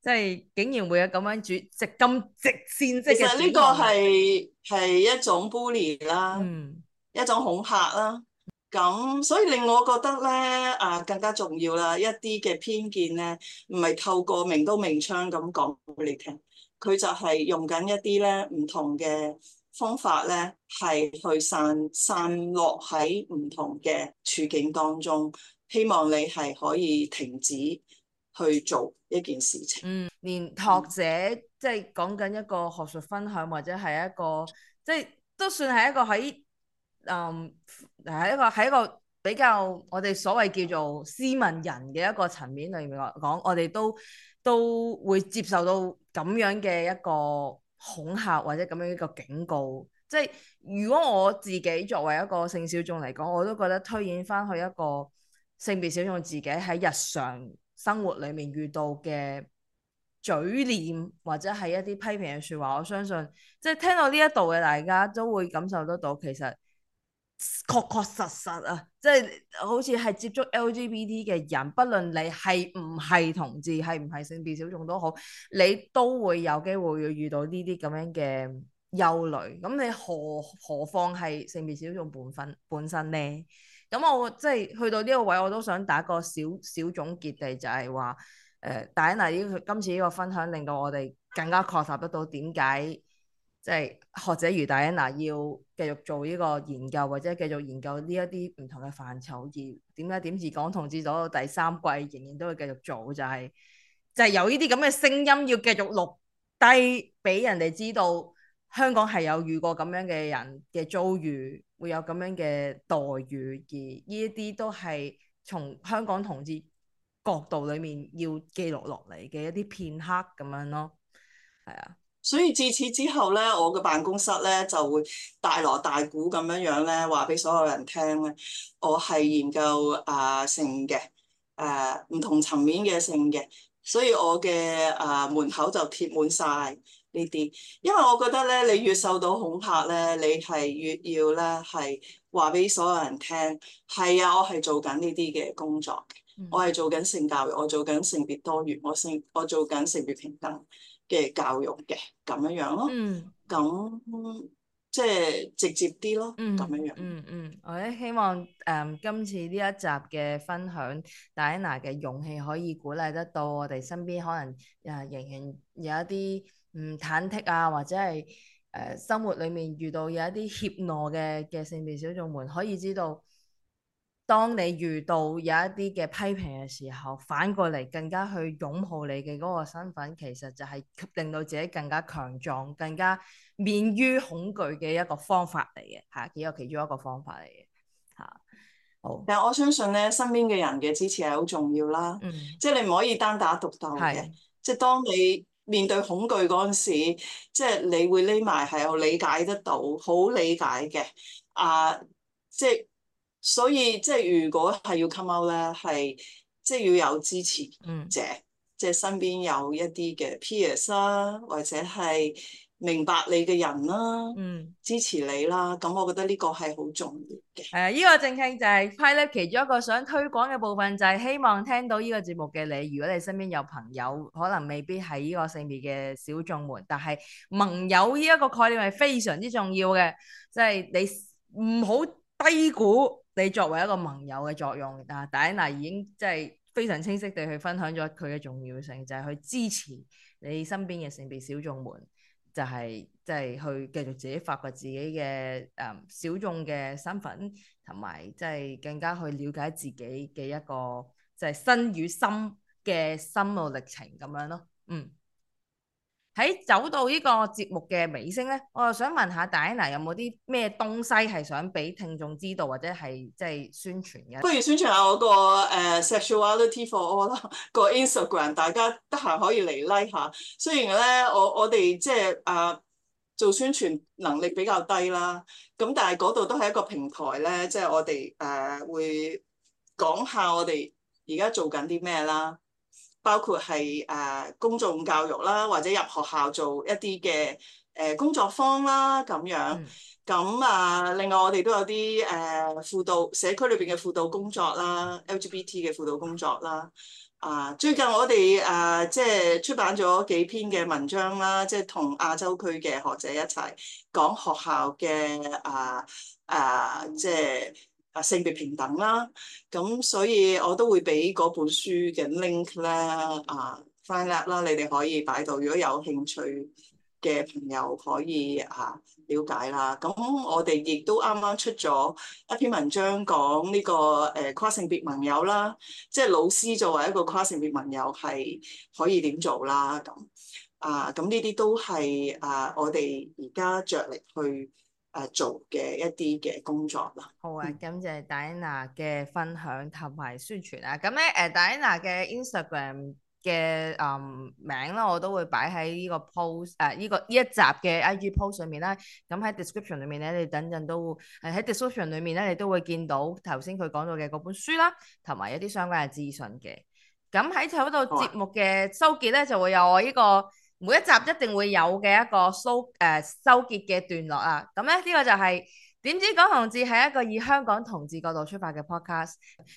真係竟然會有咁樣主直咁直線式嘅。其實呢個係係一種 bully 啦、嗯，一種恐嚇啦。咁，所以令我覺得咧，啊，更加重要啦！一啲嘅偏見咧，唔係透過明刀明槍咁講俾你聽，佢就係用緊一啲咧唔同嘅方法咧，係去散散落喺唔同嘅處境當中，希望你係可以停止去做一件事情。嗯，連學者、嗯、即係講緊一個學術分享，或者係一個即係都算係一個喺嗯。係一個係一個比較我哋所謂叫做斯文人嘅一個層面裏面講，我哋都都會接受到咁樣嘅一個恐嚇或者咁樣一個警告。即係如果我自己作為一個性小眾嚟講，我都覺得推演翻去一個性別小眾自己喺日常生活裏面遇到嘅嘴臉或者係一啲批評嘅説話，我相信即係聽到呢一度嘅大家都會感受得到其實。確確實實啊，即、就、係、是、好似係接觸 LGBT 嘅人，不論你係唔係同志，係唔係性別小眾都好，你都會有機會要遇到呢啲咁樣嘅憂慮。咁你何何況係性別小眾本身本身呢？咁我即係、就是、去到呢個位，我都想打個小小總結，地就係、是、話，誒、呃，Diana 呢今次呢個分享令到我哋更加確實得到點解。即係學者如 Diana 要繼續做呢個研究，或者繼續研究呢一啲唔同嘅範疇，而點解點而講同志走到第三季仍然都會繼續做，就係、是、就係有呢啲咁嘅聲音要繼續錄低俾人哋知道，香港係有遇過咁樣嘅人嘅遭遇，會有咁樣嘅待遇，而呢一啲都係從香港同志角度裏面要記錄落嚟嘅一啲片刻咁樣咯，係啊。所以自此之後咧，我嘅辦公室咧就會大鑼大鼓咁樣樣咧，話俾所有人聽咧，我係研究啊、呃、性嘅，誒、呃、唔同層面嘅性嘅，所以我嘅誒、呃、門口就貼滿晒呢啲，因為我覺得咧，你越受到恐嚇咧，你係越要咧係話俾所有人聽，係啊，我係做緊呢啲嘅工作，嗯、我係做緊性教育，我做緊性別多元，我性我做緊性別平等嘅教育嘅咁樣樣咯，咁、嗯、即係直接啲咯，咁樣、嗯、樣。嗯嗯，我哋希望誒、嗯、今次呢一集嘅分享，戴安娜嘅勇氣可以鼓勵得到我哋身邊可能誒、呃、仍然有一啲嗯忐忑啊，或者係誒、呃、生活裏面遇到有一啲怯懦嘅嘅性別小眾們可以知道。當你遇到有一啲嘅批評嘅時候，反過嚟更加去擁抱你嘅嗰個身份，其實就係令到自己更加強壯、更加免於恐懼嘅一個方法嚟嘅，係幾個其中一個方法嚟嘅，吓好。但係我相信咧，身邊嘅人嘅支持係好重要啦，嗯，即係你唔可以單打獨鬥嘅，是即係當你面對恐懼嗰陣時，即係你會匿埋係，我理解得到，好理解嘅，啊、uh,，即係。所以即係如果係要 come out 咧，係即係要有支持者，嗯、即係身邊有一啲嘅 peers 啦、啊，或者係明白你嘅人啦、啊，嗯、支持你啦、啊。咁我覺得呢個係好重要嘅。誒、啊，依、這個正經就係 PrideLab 其中一個想推廣嘅部分，就係、是、希望聽到呢個節目嘅你，如果你身邊有朋友，可能未必係呢個性別嘅小眾們，但係盟友呢一個概念係非常之重要嘅，即、就、係、是、你唔好低估。你作為一個盟友嘅作用，但係戴安娜已經即係非常清晰地去分享咗佢嘅重要性，就係、是、去支持你身邊嘅性別小眾們，就係即係去繼續自己發掘自己嘅誒、嗯、小眾嘅身份，同埋即係更加去了解自己嘅一個就係、是、身與心嘅心路歷程咁樣咯，嗯。喺走到呢個節目嘅尾聲咧，我又想問下 Diana 有冇啲咩東西係想俾聽眾知道，或者係即係宣傳嘅？不如宣傳下我個誒、uh, sexuality for all 啦， 個 Instagram 大家得閒可以嚟 like 下。雖然咧我我哋即係啊做宣傳能力比較低啦，咁但係嗰度都係一個平台咧，即、就、係、是、我哋誒、uh, 會講下我哋而家做緊啲咩啦。包括係誒、呃、公眾教育啦，或者入學校做一啲嘅誒工作坊啦咁樣。咁啊、呃，另外我哋都有啲誒、呃、輔導社區裏邊嘅輔導工作啦，LGBT 嘅輔導工作啦。啊、呃，最近我哋誒、呃、即係出版咗幾篇嘅文章啦，即係同亞洲區嘅學者一齊講學校嘅、呃、啊啊即係。啊，性別平等啦，咁所以我都會俾嗰本書嘅 link 咧，啊，find out 啦，你哋可以擺到，如果有興趣嘅朋友可以啊了解啦。咁我哋亦都啱啱出咗一篇文章講呢、呢個誒、呃、跨性別盟友啦，即係老師作為一個跨性別盟友係可以點做啦咁啊，咁呢啲都係啊，我哋而家着力去誒做嘅一啲嘅工作啦。好啊，感謝 Diana 嘅分享同埋宣傳啊。咁咧誒、呃、Diana 嘅 Instagram 嘅誒、嗯、名咧，我都會擺喺呢個 post 誒、啊、呢、這個呢一集嘅 IG post 上面啦。咁喺 description 裏面咧，你等陣都誒喺 description 裏面咧，你都會見到頭先佢講到嘅嗰本書啦，同埋一啲相關嘅資訊嘅。咁喺睇度節目嘅收結咧，啊、就會有我呢、這個每一集一定會有嘅一個收誒、呃、收結嘅段落啊，咁咧呢、這個就係、是。點知講同志係一個以香港同志角度出發嘅 podcast，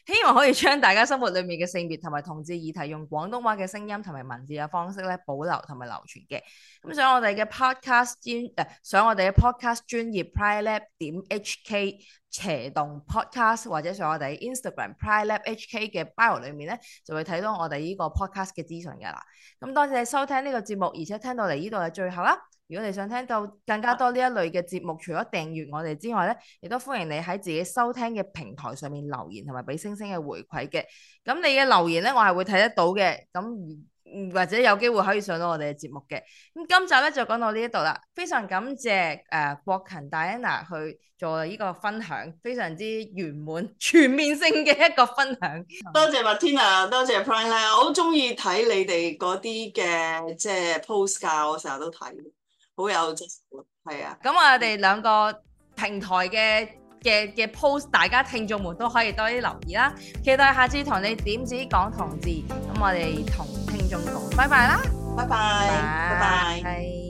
希望可以將大家生活裏面嘅性別同埋同志議題，用廣東話嘅聲音同埋文字嘅方式咧保留同埋流傳嘅。咁、嗯、上我哋嘅 podcast 專、呃、誒上我哋嘅 podcast 專頁 pridelab 點 h k 斜動 podcast，或者上我哋 instagram pridelab h k 嘅 bio 裏面咧，就會睇到我哋呢個 podcast 嘅資訊噶啦。咁、嗯、多謝收聽呢個節目，而且聽到嚟呢度嘅最後啦。如果你想聽到更加多呢一類嘅節目，除咗訂閱我哋之外咧，亦都歡迎你喺自己收聽嘅平台上面留言同埋俾星星嘅回饋嘅。咁你嘅留言咧，我係會睇得到嘅。咁或者有機會可以上到我哋嘅節目嘅。咁今集咧就講到呢度啦。非常感謝誒國、呃、勤、Diana 去做呢個分享，非常之圓滿、全面性嘅一個分享。多謝馬天娜，多謝 Frank 咧，我好中意睇你哋嗰啲嘅即係 post 噶，我成日都睇。好有質素，係啊！咁我哋兩個平台嘅嘅嘅 post，大家聽眾們都可以多啲留意啦。期待下次同你點止講同志。咁我哋同聽眾講，拜拜啦，拜拜，拜拜，係拜。